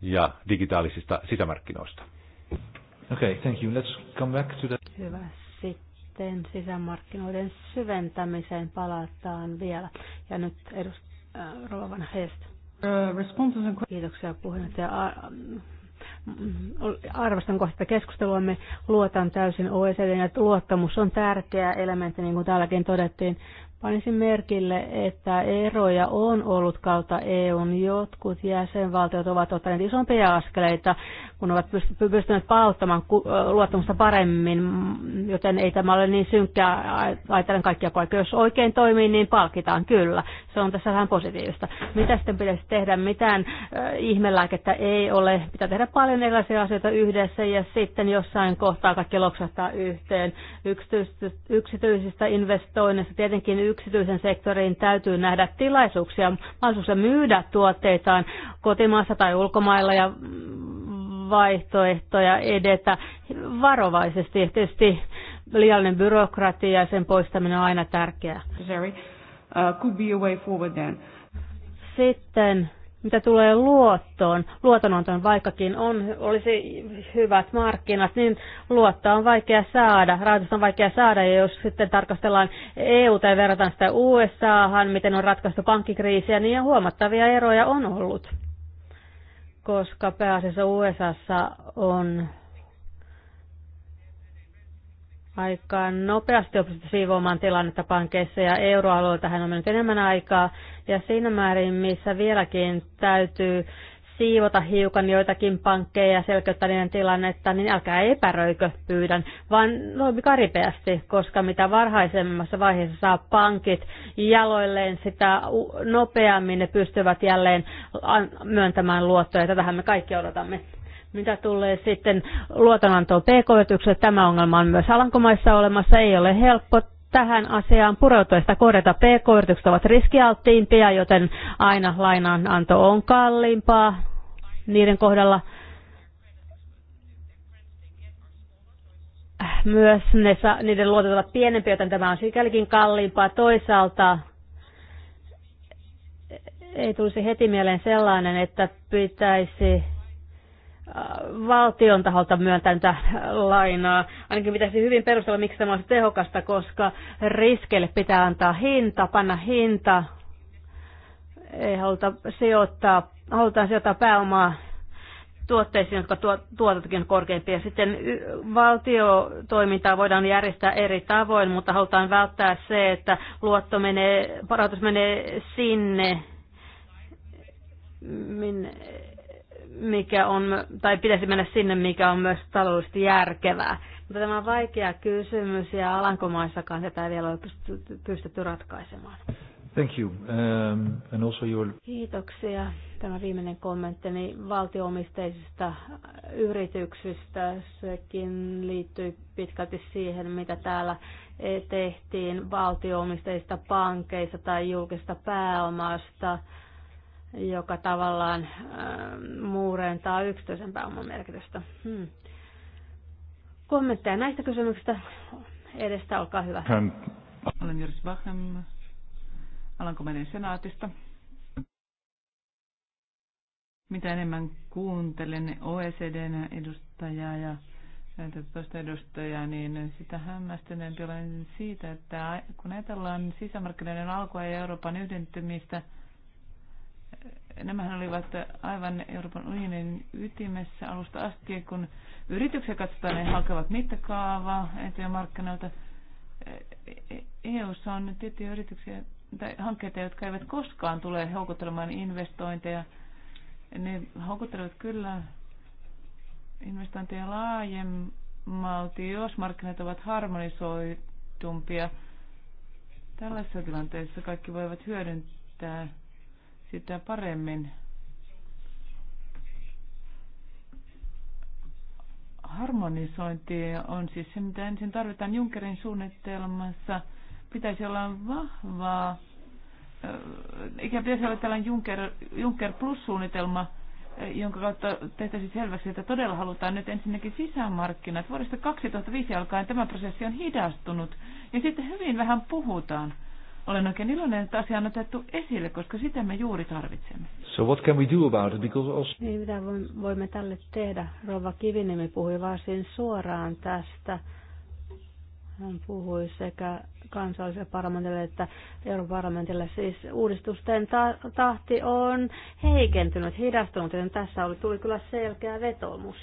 ja digitaalisista sisämarkkinoista. Okay, thank you. Let's come back to that. Hyvä sitten sisämarkkinoiden syventämiseen palataan vielä. Ja nyt edust- äh, Rovan Hest. Uh, Kiitoksia puheenjohtaja. Mm, mm, arvostan kohta keskustelua. Me luotan täysin OECD ja luottamus on tärkeä elementti, niin kuin täälläkin todettiin. Panisin merkille, että eroja on ollut kautta EUn. Jotkut jäsenvaltiot ovat ottaneet isompia askeleita kun ovat pystyneet palauttamaan luottamusta paremmin, joten ei tämä ole niin synkkää ajatellen kaikkia paikkoja. Jos oikein toimii, niin palkitaan kyllä. Se on tässä vähän positiivista. Mitä sitten pitäisi tehdä? Mitään ihmelääkettä ei ole. Pitää tehdä paljon erilaisia asioita yhdessä ja sitten jossain kohtaa kaikki loksahtaa yhteen. Yksityisistä investoinneista tietenkin yksityisen sektorin täytyy nähdä tilaisuuksia, mahdollisuuksia myydä tuotteitaan kotimaassa tai ulkomailla ja vaihtoehtoja edetä varovaisesti. Tietysti liiallinen byrokratia ja sen poistaminen on aina tärkeää. Uh, sitten mitä tulee luottoon, luotonantoon vaikkakin on, olisi hyvät markkinat, niin luottoa on vaikea saada, rahoitusta on vaikea saada, ja jos sitten tarkastellaan EU tai verrataan sitä USAhan, miten on ratkaistu pankkikriisiä, niin huomattavia eroja on ollut koska pääasiassa USAssa on aika nopeasti opittu siivoamaan tilannetta pankeissa ja euroalueella tähän on mennyt enemmän aikaa. Ja siinä määrin, missä vieläkin täytyy siivota hiukan joitakin pankkeja ja selkeyttää niiden tilannetta, niin älkää epäröikö pyydän, vaan toimikaa ripeästi, koska mitä varhaisemmassa vaiheessa saa pankit jaloilleen, sitä nopeammin ne pystyvät jälleen myöntämään luottoja. Tätähän me kaikki odotamme. Mitä tulee sitten luotonantoon pk-yritykselle, tämä ongelma on myös Alankomaissa olemassa, ei ole helppo tähän asiaan pureutuista sitä korjata. PK-yritykset ovat riskialttiimpia, joten aina lainananto on kalliimpaa niiden kohdalla. Myös ne, niiden luotot ovat pienempiä, joten tämä on sikälikin kalliimpaa. Toisaalta ei tulisi heti mieleen sellainen, että pitäisi valtion taholta myöntänyt lainaa. Ainakin pitäisi hyvin perustella, miksi tämä olisi tehokasta, koska riskeille pitää antaa hinta, panna hinta. Ei haluta sijoittaa, halutaan sijoittaa pääomaa tuotteisiin, jotka tuotetkin korkeimpia. Sitten valtiotoimintaa voidaan järjestää eri tavoin, mutta halutaan välttää se, että luotto menee, paratus menee sinne, minne mikä on, tai pitäisi mennä sinne, mikä on myös taloudellisesti järkevää. Mutta tämä on vaikea kysymys ja Alankomaissakaan sitä ei vielä ole pystytty ratkaisemaan. Thank you. Um, and also your... Kiitoksia. Tämä viimeinen niin valtioomisteisista yrityksistä, sekin liittyy pitkälti siihen, mitä täällä tehtiin valtioomisteista pankeista tai julkista pääomasta joka tavallaan äh, muurentaa yksityisen pääoman merkitystä. Hmm. Kommentteja näistä kysymyksistä. Edestä, olkaa hyvä. Hän... Olen Jyris Bahem, Alankomaiden senaatista. Mitä enemmän kuuntelen OECDn edustajaa ja toista edustajaa, niin sitä hämmästyneempi olen siitä, että kun ajatellaan sisämarkkinoiden alkua ja Euroopan yhdentymistä – nämähän olivat aivan Euroopan unionin ytimessä alusta asti, kun yrityksiä katsotaan, ne hakevat mittakaavaa etuja markkinoilta. EU-ssa on tiettyjä yrityksiä tai hankkeita, jotka eivät koskaan tule houkuttelemaan investointeja. Ne houkuttelevat kyllä investointeja laajemmalti, jos markkinat ovat harmonisoitumpia. Tällaisessa tilanteessa kaikki voivat hyödyntää sitä paremmin harmonisointi on siis se, mitä ensin tarvitaan Junckerin suunnitelmassa. Pitäisi olla vahvaa, ikään pitäisi olla tällainen Juncker, Juncker Plus-suunnitelma, jonka kautta tehtäisiin selväksi, että todella halutaan nyt ensinnäkin sisämarkkinat. Vuodesta 2005 alkaen tämä prosessi on hidastunut ja sitten hyvin vähän puhutaan – olen oikein iloinen, että asia on otettu esille, koska sitä me juuri tarvitsemme. So what can we do about it? Because also... Niin, mitä voimme tälle tehdä? Rova Kivinimi puhui varsin suoraan tästä. Hän puhui sekä kansalliselle parlamentille että Euroopan parlamentille. Siis uudistusten ta- tahti on heikentynyt, hidastunut, joten tässä oli, tuli kyllä selkeä vetomus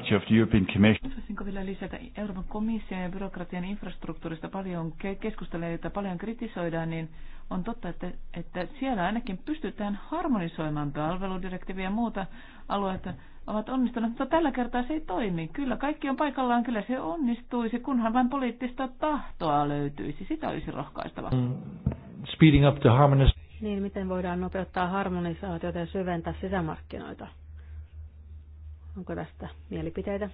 structure of the European Commission. vielä lisätä Euroopan komission ja byrokratian infrastruktuurista paljon keskustellaan, jota paljon kritisoidaan, niin on totta, että, että siellä ainakin pystytään harmonisoimaan palveludirektiiviä ja muuta alueita ovat onnistuneet, mutta tällä kertaa se ei toimi. Kyllä kaikki on paikallaan, kyllä se onnistuisi, kunhan vain poliittista tahtoa löytyisi. Sitä olisi rohkaistava. Mm, speeding up the harmonis- niin, miten voidaan nopeuttaa harmonisaatiota ja syventää sisämarkkinoita? Onko tästä mielipiteitä?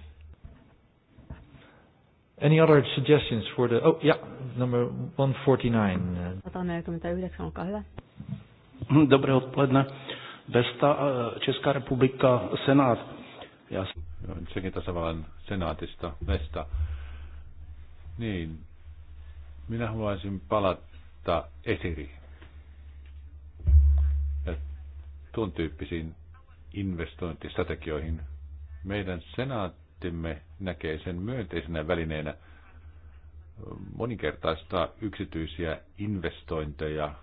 Any other suggestions for the... Oh, yeah, number 149. 149, Dobré odpoledne. Vesta, eh, Česká republika, Senát. Ja... Tsekin tasavallan senaatista, Vesta. Niin, minä haluaisin palata esiriin ja tuon tyyppisiin investointistrategioihin meidän senaattimme näkee sen myönteisenä välineenä moninkertaistaa yksityisiä investointeja,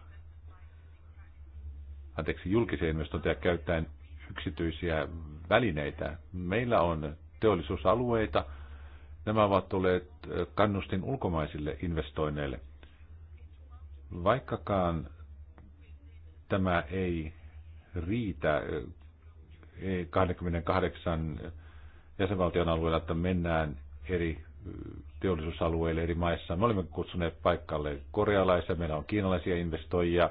anteeksi, julkisia investointeja käyttäen yksityisiä välineitä. Meillä on teollisuusalueita. Nämä ovat tulleet kannustin ulkomaisille investoinneille. Vaikkakaan tämä ei riitä 28 jäsenvaltion alueella, että mennään eri teollisuusalueille eri maissa. Me olemme kutsuneet paikalle korealaisia, meillä on kiinalaisia investoijia.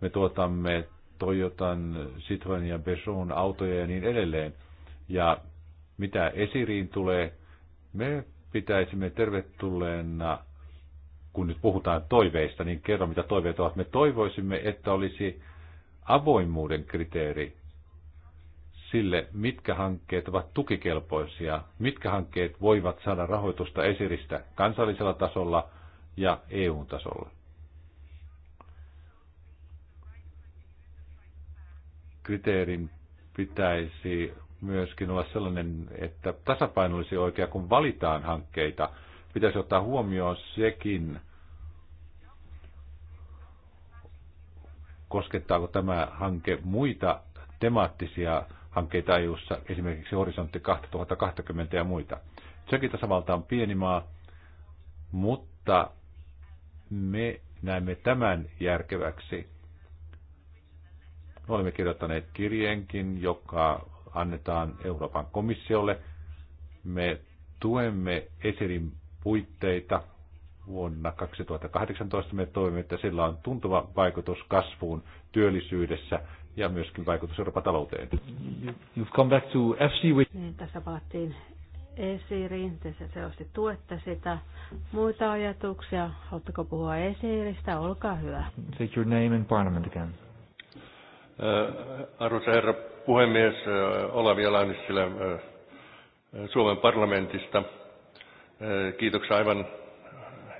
Me tuotamme Toyotan, Citroen ja Peugeotin autoja ja niin edelleen. Ja mitä esiriin tulee, me pitäisimme tervetulleena, kun nyt puhutaan toiveista, niin kerro mitä toiveet ovat. Me toivoisimme, että olisi avoimuuden kriteeri sille, mitkä hankkeet ovat tukikelpoisia, mitkä hankkeet voivat saada rahoitusta esiristä kansallisella tasolla ja EU-tasolla. Kriteerin pitäisi myöskin olla sellainen, että tasapaino olisi oikea, kun valitaan hankkeita. Pitäisi ottaa huomioon sekin, koskettaako tämä hanke muita temaattisia hankkeita EU:ssa, esimerkiksi Horisontti 2020 ja muita. Tsekin tasavalta on pieni maa, mutta me näemme tämän järkeväksi. Me olemme kirjoittaneet kirjeenkin, joka annetaan Euroopan komissiolle. Me tuemme Eserin puitteita vuonna 2018. Me toimme, että sillä on tuntuva vaikutus kasvuun työllisyydessä ja myöskin vaikutus Euroopan talouteen. You've come back to FC, niin, tässä palattiin esiriin, te selvästi tuette sitä. Muita ajatuksia, haluatteko puhua esiristä, olkaa hyvä. Take your name in parliament again. Äh, arvoisa herra puhemies, äh, Olavi uh, Suomen parlamentista. Kiitoksia aivan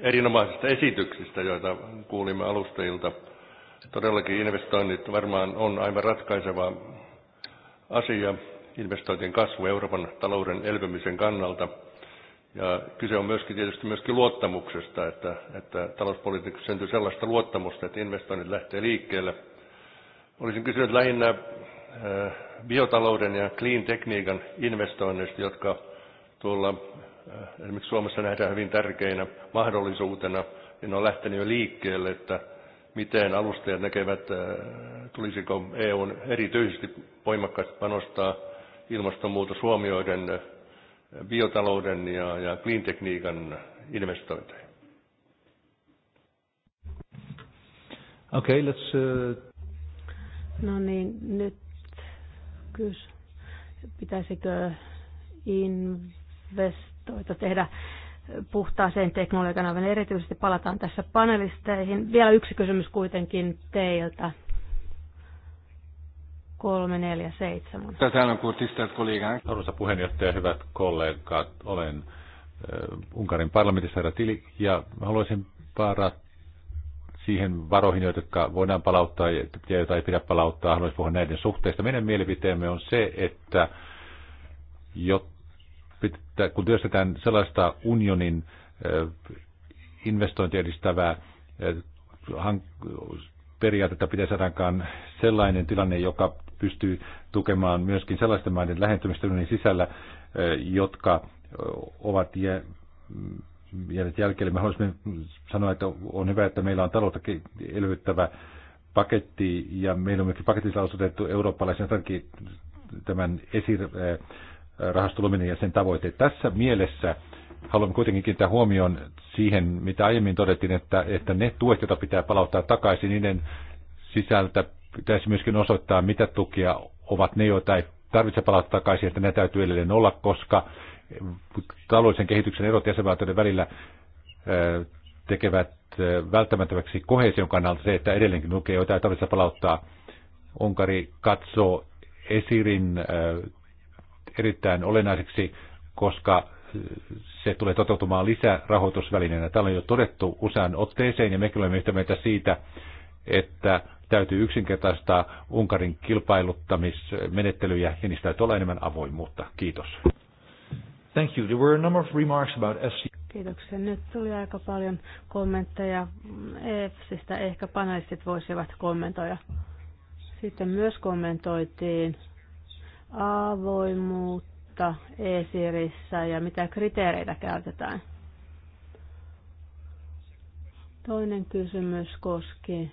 erinomaisista esityksistä, joita kuulimme alustajilta. Todellakin investoinnit varmaan on aivan ratkaiseva asia investointien kasvu Euroopan talouden elpymisen kannalta. Ja kyse on myöskin tietysti myöskin luottamuksesta, että, että talouspolitiikassa syntyy sellaista luottamusta, että investoinnit lähtee liikkeelle. Olisin kysynyt lähinnä eh, biotalouden ja clean tekniikan investoinneista, jotka tuolla eh, esimerkiksi Suomessa nähdään hyvin tärkeinä mahdollisuutena. Ne on lähtenyt jo liikkeelle, että miten alustajat näkevät, äh, tulisiko EUn erityisesti voimakkaasti panostaa ilmastonmuutos huomioiden äh, biotalouden ja, ja clean investointeihin? Okei, okay, let's... Uh... No niin, nyt kys, pitäisikö investoita tehdä puhtaaseen teknologian, aivan erityisesti palataan tässä panelisteihin. Vielä yksi kysymys kuitenkin teiltä. 347. Täällä on kurtistajat kollegaan. Arvoisa puheenjohtaja, hyvät kollegat, olen Unkarin parlamentissa herra Tili, ja haluaisin parat siihen varoihin, jotka voidaan palauttaa ja joita ei pidä palauttaa. Haluaisin puhua näiden suhteista. Meidän mielipiteemme on se, että jotta pitää, kun työstetään sellaista unionin investointia edistävää periaatetta pitää saadaankaan sellainen tilanne, joka pystyy tukemaan myöskin sellaisten maiden lähentymistä unionin sisällä, jotka ovat jääneet jälkeen. me haluaisin sanoa, että on hyvä, että meillä on taloutta elvyttävä paketti, ja meillä on myöskin paketissa osoitettu eurooppalaisen tämän esir rahastoluminen ja sen tavoite. Tässä mielessä haluan kuitenkin kiinnittää huomioon siihen, mitä aiemmin todettiin, että, että ne tuet, joita pitää palauttaa takaisin, niiden sisältä pitäisi myöskin osoittaa, mitä tukia ovat ne, joita ei tarvitse palauttaa takaisin, että ne täytyy edelleen olla, koska taloudellisen kehityksen erot jäsenvaltioiden välillä tekevät välttämättömäksi kohesion kannalta se, että edelleenkin lukee ei tarvitse palauttaa. Unkari katsoo Esirin erittäin olennaiseksi, koska se tulee toteutumaan lisärahoitusvälineenä. Täällä on jo todettu usean otteeseen ja me olemme yhtä mieltä siitä, että täytyy yksinkertaistaa Unkarin kilpailuttamismenettelyjä ja niistä täytyy olla enemmän avoimuutta. Kiitos. Thank you. There were a number of remarks about FC. Kiitoksia. Nyt tuli aika paljon kommentteja EFSistä. Ehkä panelistit voisivat kommentoida. Sitten myös kommentoitiin avoimuutta esirissä ja mitä kriteereitä käytetään? Toinen kysymys koski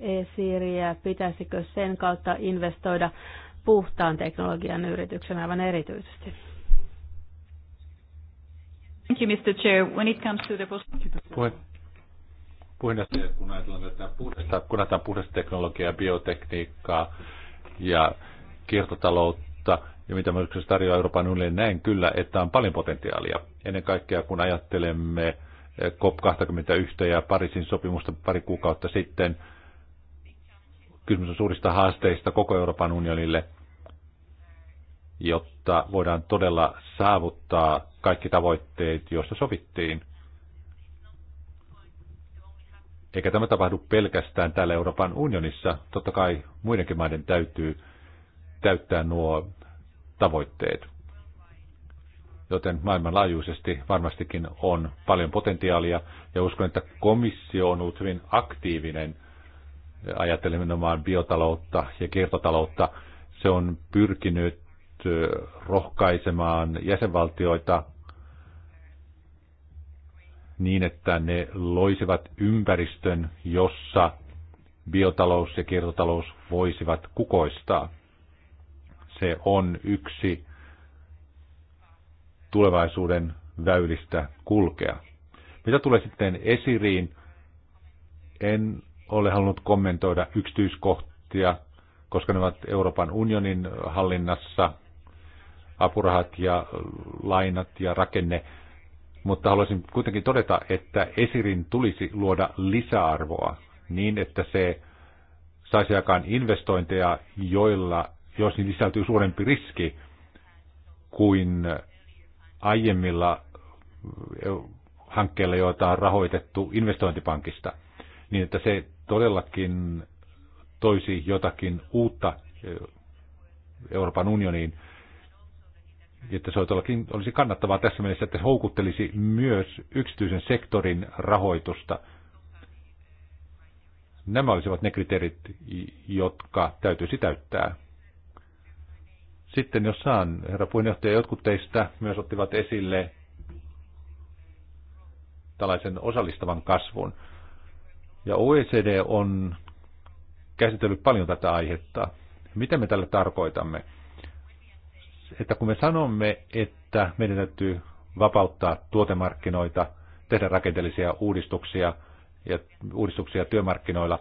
esiriä. Pitäisikö sen kautta investoida puhtaan teknologian yrityksen aivan erityisesti? Thank you, Mr. Chair. When it comes to the puheenjohtaja, kun ajatellaan tätä puhdasta, kun puhdasta teknologiaa ja biotekniikkaa ja kiertotaloutta ja mitä myös tarjoaa Euroopan unionille, näen kyllä, että on paljon potentiaalia. Ennen kaikkea kun ajattelemme eh, COP21 ja Pariisin sopimusta pari kuukautta sitten, kysymys on suurista haasteista koko Euroopan unionille, jotta voidaan todella saavuttaa kaikki tavoitteet, joista sovittiin. Eikä tämä tapahdu pelkästään täällä Euroopan unionissa. Totta kai muidenkin maiden täytyy täyttää nuo tavoitteet. Joten maailmanlaajuisesti varmastikin on paljon potentiaalia ja uskon, että komissio on ollut hyvin aktiivinen ajatellen nimenomaan biotaloutta ja kiertotaloutta. Se on pyrkinyt rohkaisemaan jäsenvaltioita niin, että ne loisivat ympäristön, jossa biotalous ja kiertotalous voisivat kukoistaa se on yksi tulevaisuuden väylistä kulkea. Mitä tulee sitten esiriin, en ole halunnut kommentoida yksityiskohtia, koska ne ovat Euroopan unionin hallinnassa, apurahat ja lainat ja rakenne, mutta haluaisin kuitenkin todeta, että esirin tulisi luoda lisäarvoa niin, että se saisi aikaan investointeja, joilla jos niin sisältyy suurempi riski kuin aiemmilla hankkeilla, joita on rahoitettu investointipankista, niin että se todellakin toisi jotakin uutta Euroopan unioniin, että se olisi kannattavaa tässä mielessä, että se houkuttelisi myös yksityisen sektorin rahoitusta. Nämä olisivat ne kriteerit, jotka täytyisi täyttää. Sitten jos saan, herra puheenjohtaja, jotkut teistä myös ottivat esille tällaisen osallistavan kasvun. Ja OECD on käsitellyt paljon tätä aihetta. Mitä me tällä tarkoitamme? Että kun me sanomme, että meidän täytyy vapauttaa tuotemarkkinoita, tehdä rakenteellisia uudistuksia ja uudistuksia työmarkkinoilla,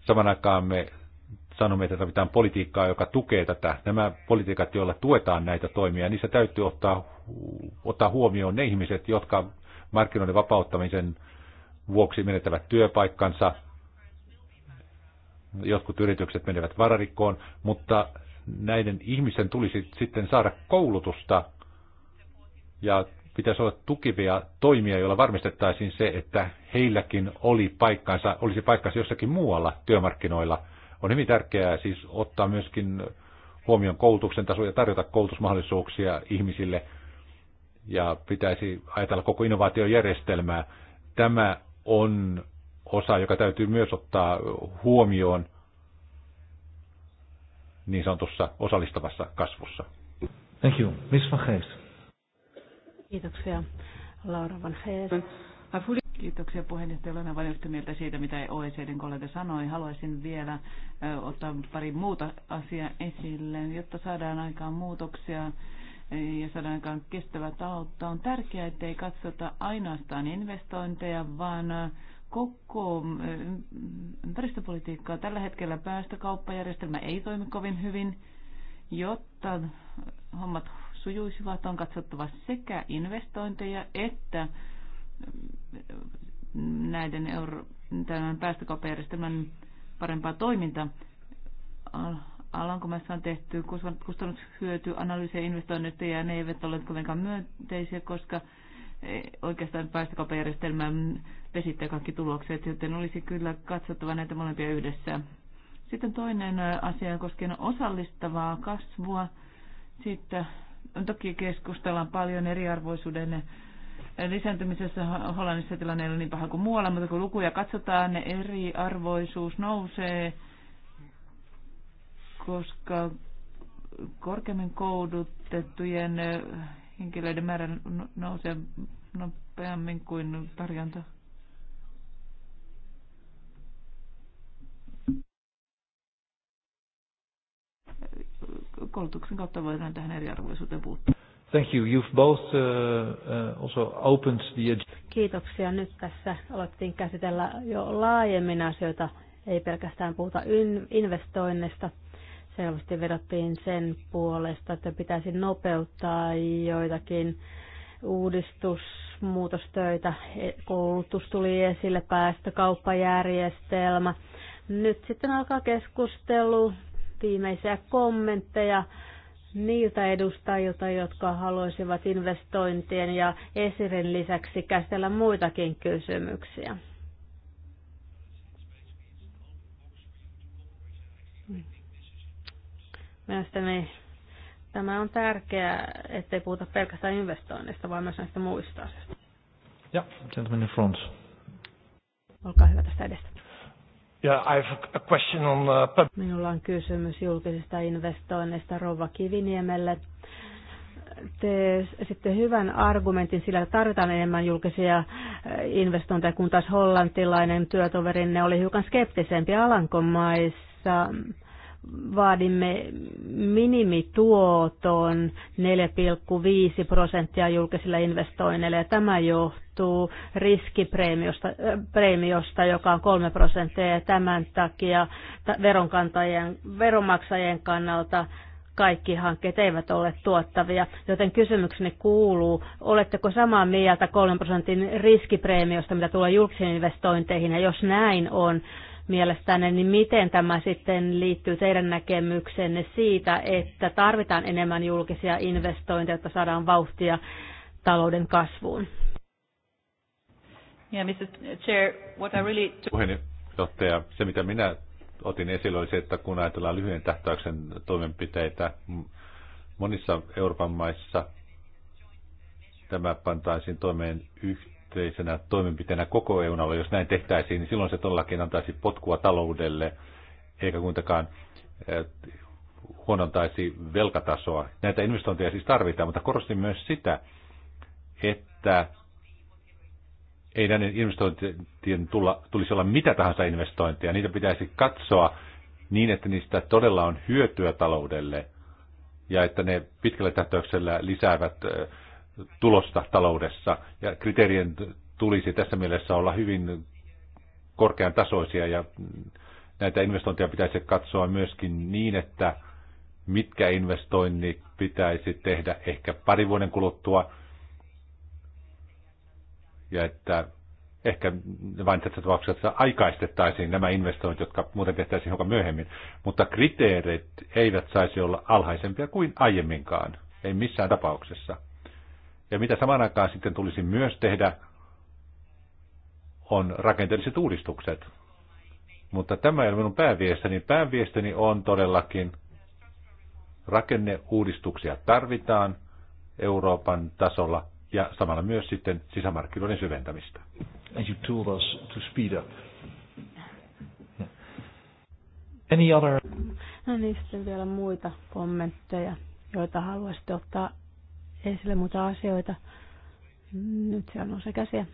saman aikaan me sanomme, että tarvitaan politiikkaa, joka tukee tätä. Nämä politiikat, joilla tuetaan näitä toimia, niissä täytyy ottaa, ottaa huomioon ne ihmiset, jotka markkinoiden vapauttamisen vuoksi menettävät työpaikkansa. Jotkut yritykset menevät vararikkoon, mutta näiden ihmisten tulisi sitten saada koulutusta ja pitäisi olla tukivia toimia, joilla varmistettaisiin se, että heilläkin oli paikkansa, olisi paikkansa jossakin muualla työmarkkinoilla – on hyvin tärkeää siis ottaa myöskin huomioon koulutuksen taso ja tarjota koulutusmahdollisuuksia ihmisille ja pitäisi ajatella koko innovaatiojärjestelmää. Tämä on osa, joka täytyy myös ottaa huomioon niin sanotussa osallistavassa kasvussa. Thank you. Miss Van Geest. Kiitoksia. Laura Van Geest. Kiitoksia puheenjohtaja. Olen aivan yhtä mieltä siitä, mitä OECDn kollega sanoi. Haluaisin vielä ottaa pari muuta asiaa esille, jotta saadaan aikaan muutoksia ja saadaan aikaan kestävää taloutta. On tärkeää, ettei katsota ainoastaan investointeja, vaan koko ympäristöpolitiikkaa. Tällä hetkellä päästökauppajärjestelmä ei toimi kovin hyvin. Jotta hommat sujuisivat, on katsottava sekä investointeja että näiden euro, tämän päästökauppajärjestelmän parempaa toimintaa. Alankomaissa on tehty kustannushyötyanalyysejä investoinnista ja ne eivät ole kovinkaan myönteisiä, koska e, oikeastaan päästökauppajärjestelmä vesittää kaikki tulokset, joten olisi kyllä katsottava näitä molempia yhdessä. Sitten toinen asia koskien osallistavaa kasvua. Sitten toki keskustellaan paljon eriarvoisuuden lisääntymisessä Hollannissa tilanne ei ole niin paha kuin muualla, mutta kun lukuja katsotaan, ne eriarvoisuus nousee, koska korkeammin koulutettujen henkilöiden määrä nousee nopeammin kuin tarjonta. Koulutuksen kautta voidaan tähän eriarvoisuuteen puuttua. Thank you. You've both uh, uh, also opened the Kiitoksia. Nyt tässä aloittiin käsitellä jo laajemmin asioita, ei pelkästään puhuta investoinnista. Selvästi vedottiin sen puolesta, että pitäisi nopeuttaa joitakin uudistusmuutostöitä. Koulutus tuli esille, päästökauppajärjestelmä. Nyt sitten alkaa keskustelu, viimeisiä kommentteja niiltä edustajilta, jotka haluaisivat investointien ja esirin lisäksi käsitellä muitakin kysymyksiä. Mielestäni tämä on tärkeää, ettei puhuta pelkästään investoinnista, vaan myös näistä muista asioista. Ja, gentlemen in front. Olkaa hyvä tästä edestä. Uh, Minulla on kysymys julkisista investoinneista Rova Kiviniemelle. Te sitten hyvän argumentin, sillä tarvitaan enemmän julkisia eh, investointeja, kun taas hollantilainen työtoverinne oli hiukan skeptisempi Alankomaissa. Vaadimme minimituoton 4,5 prosenttia julkisilla investoinneille. Ja tämä johtuu riskipreemiosta, äh, preemiosta, joka on 3 prosenttia. Ja tämän takia veronkantajien, veronmaksajien kannalta kaikki hankkeet eivät ole tuottavia, joten kysymykseni kuuluu, oletteko samaa mieltä 3 prosentin riskipreemiosta, mitä tulee julkisiin investointeihin, ja jos näin on, mielestänne, niin miten tämä sitten liittyy teidän näkemyksenne siitä, että tarvitaan enemmän julkisia investointeja, jotta saadaan vauhtia talouden kasvuun? Yeah, Mr. Chair, what I really... Puheenjohtaja, se mitä minä otin esille oli se, että kun ajatellaan lyhyen tähtäyksen toimenpiteitä, monissa Euroopan maissa tämä pantaisiin toimeen yhteen yhteisenä toimenpiteenä koko EUn alueella. Jos näin tehtäisiin, niin silloin se todellakin antaisi potkua taloudelle, eikä kuitenkaan eh, huonontaisi velkatasoa. Näitä investointeja siis tarvitaan, mutta korostin myös sitä, että ei näiden investointien tulla, tulisi olla mitä tahansa investointeja. Niitä pitäisi katsoa niin, että niistä todella on hyötyä taloudelle ja että ne pitkällä tähtäyksellä lisäävät eh, tulosta taloudessa. Ja kriteerien tulisi tässä mielessä olla hyvin korkean tasoisia ja näitä investointeja pitäisi katsoa myöskin niin, että mitkä investoinnit pitäisi tehdä ehkä pari vuoden kuluttua ja että ehkä vain tässä tapauksessa aikaistettaisiin nämä investoinnit, jotka muuten tehtäisiin hiukan myöhemmin, mutta kriteerit eivät saisi olla alhaisempia kuin aiemminkaan, ei missään tapauksessa. Ja mitä samaan aikaan sitten tulisi myös tehdä, on rakenteelliset uudistukset. Mutta tämä ei ole minun pääviestäni. Pääviestäni on todellakin, rakenneuudistuksia tarvitaan Euroopan tasolla ja samalla myös sitten sisämarkkinoiden syventämistä. And you told us to speed up. Any other... No niin, sitten vielä muita kommentteja, joita haluaisitte ottaa esille muita asioita. Nyt se on se käsiä.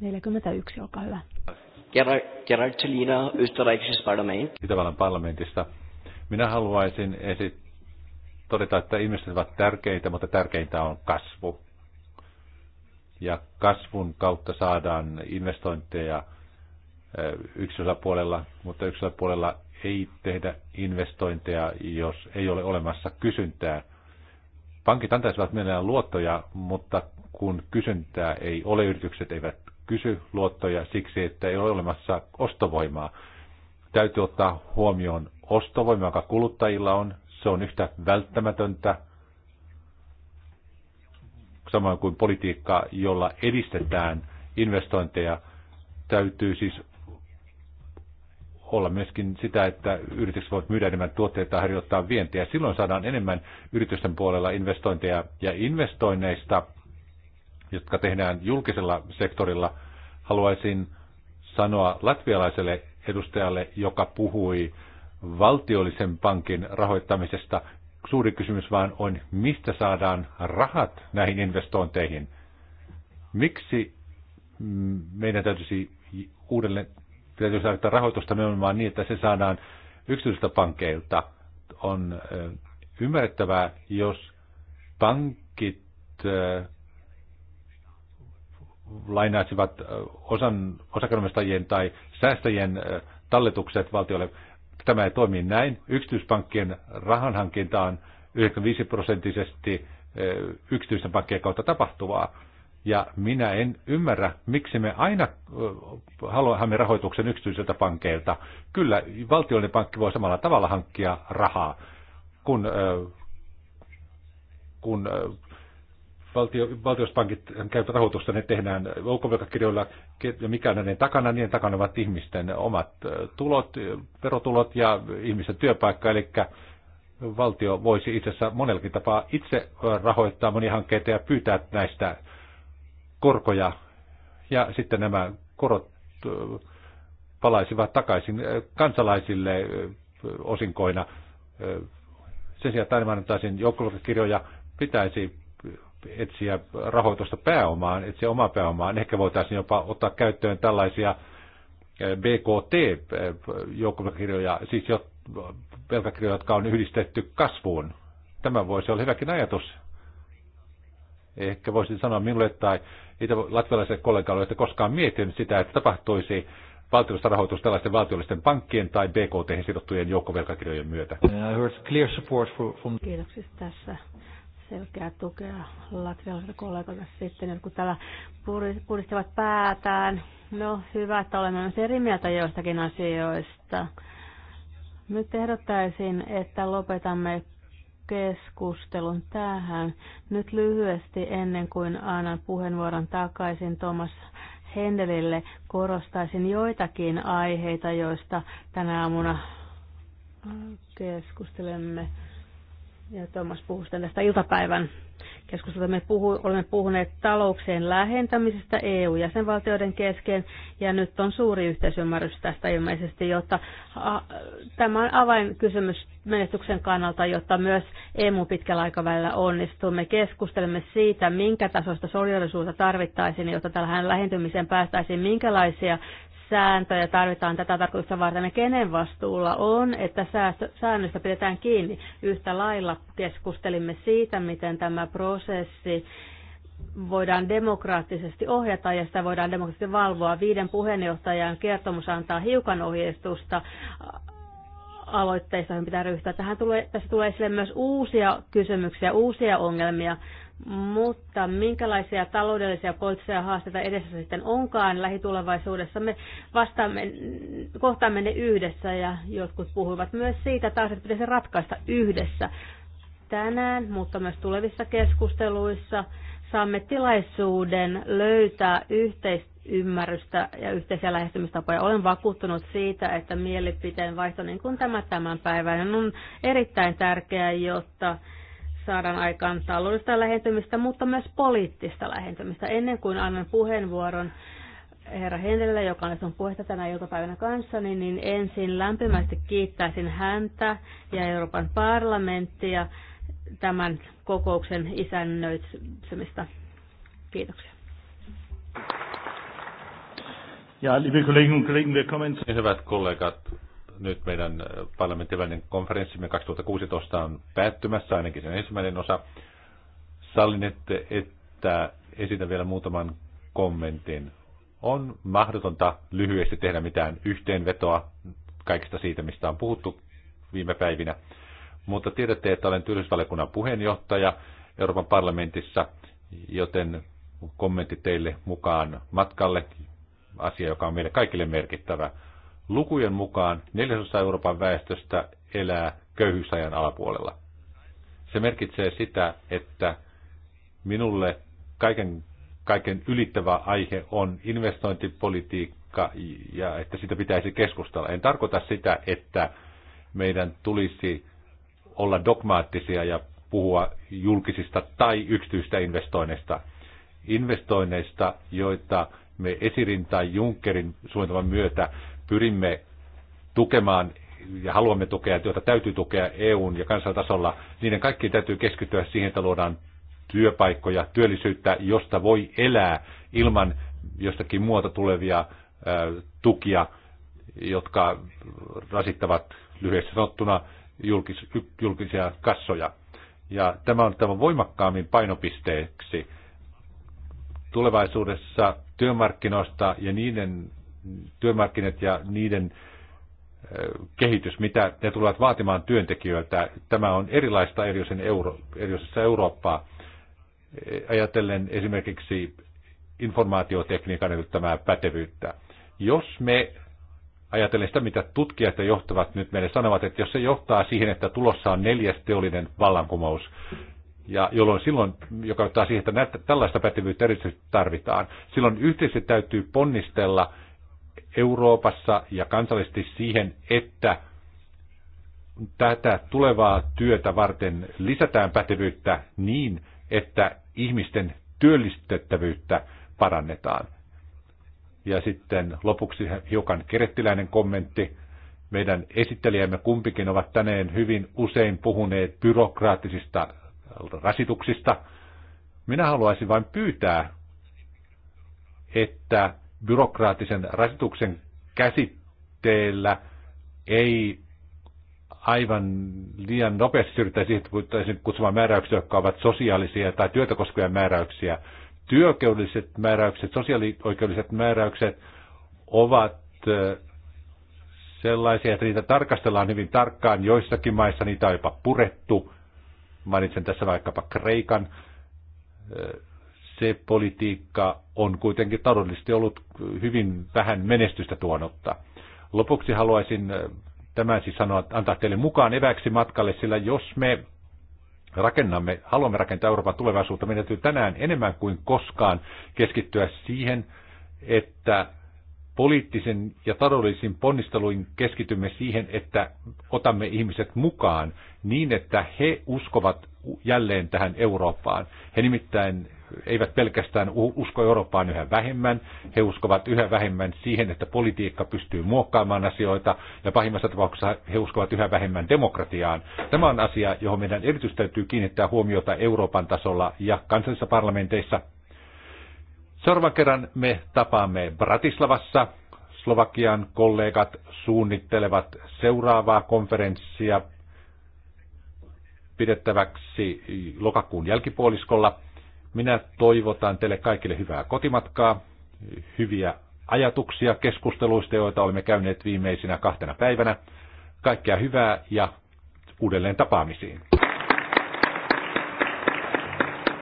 41, olkaa hyvä. Gerard Celina, Österreichisessa parlamentissa. Itävallan parlamentista. Minä haluaisin esit- todeta, että ihmiset ovat tärkeitä, mutta tärkeintä on kasvu. Ja kasvun kautta saadaan investointeja eh, yksisellä puolella, mutta yksisellä puolella ei tehdä investointeja, jos ei ole olemassa kysyntää – Pankit antaisivat mielellään luottoja, mutta kun kysyntää ei ole, yritykset eivät kysy luottoja siksi, että ei ole olemassa ostovoimaa. Täytyy ottaa huomioon ostovoima, joka kuluttajilla on. Se on yhtä välttämätöntä samoin kuin politiikka, jolla edistetään investointeja, täytyy siis olla myöskin sitä, että yritykset voivat myydä enemmän tuotteita ja harjoittaa vientiä. Silloin saadaan enemmän yritysten puolella investointeja ja investoinneista, jotka tehdään julkisella sektorilla. Haluaisin sanoa latvialaiselle edustajalle, joka puhui valtiollisen pankin rahoittamisesta. Suuri kysymys vaan on, mistä saadaan rahat näihin investointeihin. Miksi meidän täytyisi uudelleen täytyy saada rahoitusta nimenomaan niin, että se saadaan yksityisiltä pankeilta. On ymmärrettävää, jos pankit lainaisivat osan, osakkeenomistajien tai säästäjien talletukset valtiolle. Tämä ei toimi näin. Yksityispankkien rahanhankinta on 95 prosenttisesti yksityisten pankkien kautta tapahtuvaa. Ja minä en ymmärrä, miksi me aina haluamme rahoituksen yksityisiltä pankeilta. Kyllä, valtiollinen pankki voi samalla tavalla hankkia rahaa, kun, kun valtio, valtiospankit käyvät rahoitusta, ne tehdään ulkovelkakirjoilla ja mikä näiden takana, niiden takana ovat ihmisten omat tulot, verotulot ja ihmisten työpaikka, eli valtio voisi itse asiassa monellakin tapaa itse rahoittaa monia hankkeita ja pyytää näistä korkoja ja sitten nämä korot äh, palaisivat takaisin äh, kansalaisille äh, osinkoina. Sen sijaan, että aina annettaisiin pitäisi etsiä rahoitusta pääomaan, etsiä omaa pääomaan. Ehkä voitaisiin jopa ottaa käyttöön tällaisia BKT-joukkolukikirjoja, siis jo velkakirjoja, jotka on yhdistetty kasvuun. Tämä voisi olla hyväkin ajatus ehkä voisin sanoa minulle tai itä latvialaiselle kollegalle, että koskaan mietin sitä, että tapahtuisi valtiollista rahoitus tällaisten valtiollisten pankkien tai BKT sidottujen joukkovelkakirjojen myötä. Kiitoksia tässä selkeää tukea latvialaisille kollegoille sitten, kun täällä puristavat päätään. No hyvä, että olemme myös eri mieltä joistakin asioista. Nyt ehdottaisin, että lopetamme keskustelun tähän. Nyt lyhyesti ennen kuin annan puheenvuoron takaisin Thomas Hendelille, korostaisin joitakin aiheita, joista tänä aamuna keskustelemme ja Tuomas puhui tästä iltapäivän keskustelusta. Me puhu, olemme puhuneet talouksien lähentämisestä EU-jäsenvaltioiden kesken, ja nyt on suuri yhteisymmärrys tästä ilmeisesti, jotta a, tämä on avainkysymys menestyksen kannalta, jotta myös EU pitkällä aikavälillä onnistuu. Me keskustelemme siitä, minkä tasoista solidarisuutta tarvittaisiin, jotta tähän lähentymiseen päästäisiin, minkälaisia sääntöjä tarvitaan tätä tarkoitusta varten. Ja kenen vastuulla on, että säännöistä pidetään kiinni? Yhtä lailla keskustelimme siitä, miten tämä prosessi voidaan demokraattisesti ohjata ja sitä voidaan demokraattisesti valvoa. Viiden puheenjohtajan kertomus antaa hiukan ohjeistusta aloitteista, joihin pitää ryhtyä. Tähän tulee, tässä tulee esille myös uusia kysymyksiä, uusia ongelmia mutta minkälaisia taloudellisia ja poliittisia haasteita edessä sitten onkaan lähitulevaisuudessa, me vastaamme, kohtaamme ne yhdessä ja jotkut puhuivat myös siitä taas, että pitäisi ratkaista yhdessä tänään, mutta myös tulevissa keskusteluissa saamme tilaisuuden löytää yhteisymmärrystä ja yhteisiä lähestymistapoja. Olen vakuuttunut siitä, että mielipiteen vaihto, niin kuin tämä päivän on erittäin tärkeää, jotta saadaan aikaan taloudellista lähentymistä, mutta myös poliittista lähentymistä. Ennen kuin annan puheenvuoron herra Henrille, joka on puhetta tänä iltapäivänä kanssani, niin, niin ensin lämpimästi kiittäisin häntä ja Euroopan parlamenttia tämän kokouksen isännöitsemistä. Kiitoksia. Ja, liebe Kolleginnen und Kollegen, wir kommen zu... Hyvät kollegat, nyt meidän äh, parlamenttivälinen konferenssimme 2016 on päättymässä, ainakin sen ensimmäinen osa. Sallinette, että esitän vielä muutaman kommentin. On mahdotonta lyhyesti tehdä mitään yhteenvetoa kaikista siitä, mistä on puhuttu viime päivinä. Mutta tiedätte, että olen työllisyysvaliokunnan puheenjohtaja Euroopan parlamentissa, joten kommentti teille mukaan matkalle, asia, joka on meille kaikille merkittävä. Lukujen mukaan neljäsosa Euroopan väestöstä elää köyhyysajan alapuolella. Se merkitsee sitä, että minulle kaiken, kaiken ylittävä aihe on investointipolitiikka ja että sitä pitäisi keskustella. En tarkoita sitä, että meidän tulisi olla dogmaattisia ja puhua julkisista tai yksityistä investoinneista. Investoinneista, joita me Esirin tai Junckerin suunnitelman myötä pyrimme tukemaan ja haluamme tukea, joita täytyy tukea EUn ja kansantasolla, niiden kaikki täytyy keskittyä siihen, että luodaan työpaikkoja, työllisyyttä, josta voi elää ilman jostakin muuta tulevia tukia, jotka rasittavat lyhyesti sanottuna julkis, julkisia kassoja. Ja tämä on tämä voimakkaammin painopisteeksi tulevaisuudessa työmarkkinoista ja niiden työmarkkinat ja niiden kehitys, mitä ne tulevat vaatimaan työntekijöiltä. Tämä on erilaista erilaisessa euro, Eurooppaa. E, ajatellen esimerkiksi informaatiotekniikan edellyttämää pätevyyttä. Jos me ajatellen sitä, mitä tutkijat ja johtavat nyt meille sanovat, että jos se johtaa siihen, että tulossa on neljäs teollinen vallankumous, ja jolloin silloin, joka johtaa siihen, että tällaista pätevyyttä erityisesti tarvitaan, silloin yhteisesti täytyy ponnistella – Euroopassa ja kansallisesti siihen, että tätä tulevaa työtä varten lisätään pätevyyttä niin, että ihmisten työllistettävyyttä parannetaan. Ja sitten lopuksi hiukan kerettiläinen kommentti. Meidän esittelijämme kumpikin ovat tänään hyvin usein puhuneet byrokraattisista rasituksista. Minä haluaisin vain pyytää, että byrokraattisen rasituksen käsitteellä ei aivan liian nopeasti siirrytään siihen, että kutsumaan määräyksiä, jotka ovat sosiaalisia tai työtä koskevia määräyksiä. Työoikeudelliset määräykset, sosiaalioikeudelliset määräykset ovat sellaisia, että niitä tarkastellaan hyvin tarkkaan. Joissakin maissa niitä on jopa purettu. Mainitsen tässä vaikkapa Kreikan se politiikka on kuitenkin taloudellisesti ollut hyvin vähän menestystä tuonutta. Lopuksi haluaisin äh, tämän siis sanoa, antaa teille mukaan eväksi matkalle, sillä jos me rakennamme, haluamme rakentaa Euroopan tulevaisuutta, meidän täytyy tänään enemmän kuin koskaan keskittyä siihen, että poliittisen ja taloudellisin ponnisteluin keskitymme siihen, että otamme ihmiset mukaan niin, että he uskovat jälleen tähän Eurooppaan. He nimittäin eivät pelkästään usko Eurooppaan yhä vähemmän, he uskovat yhä vähemmän siihen, että politiikka pystyy muokkaamaan asioita, ja pahimmassa tapauksessa he uskovat yhä vähemmän demokratiaan. Tämä on asia, johon meidän erityisesti täytyy kiinnittää huomiota Euroopan tasolla ja kansallisissa parlamenteissa. Seuraavan kerran me tapaamme Bratislavassa. Slovakian kollegat suunnittelevat seuraavaa konferenssia pidettäväksi lokakuun jälkipuoliskolla. Minä toivotan teille kaikille hyvää kotimatkaa, hyviä ajatuksia keskusteluista, joita olemme käyneet viimeisinä kahtena päivänä. Kaikkea hyvää ja uudelleen tapaamisiin.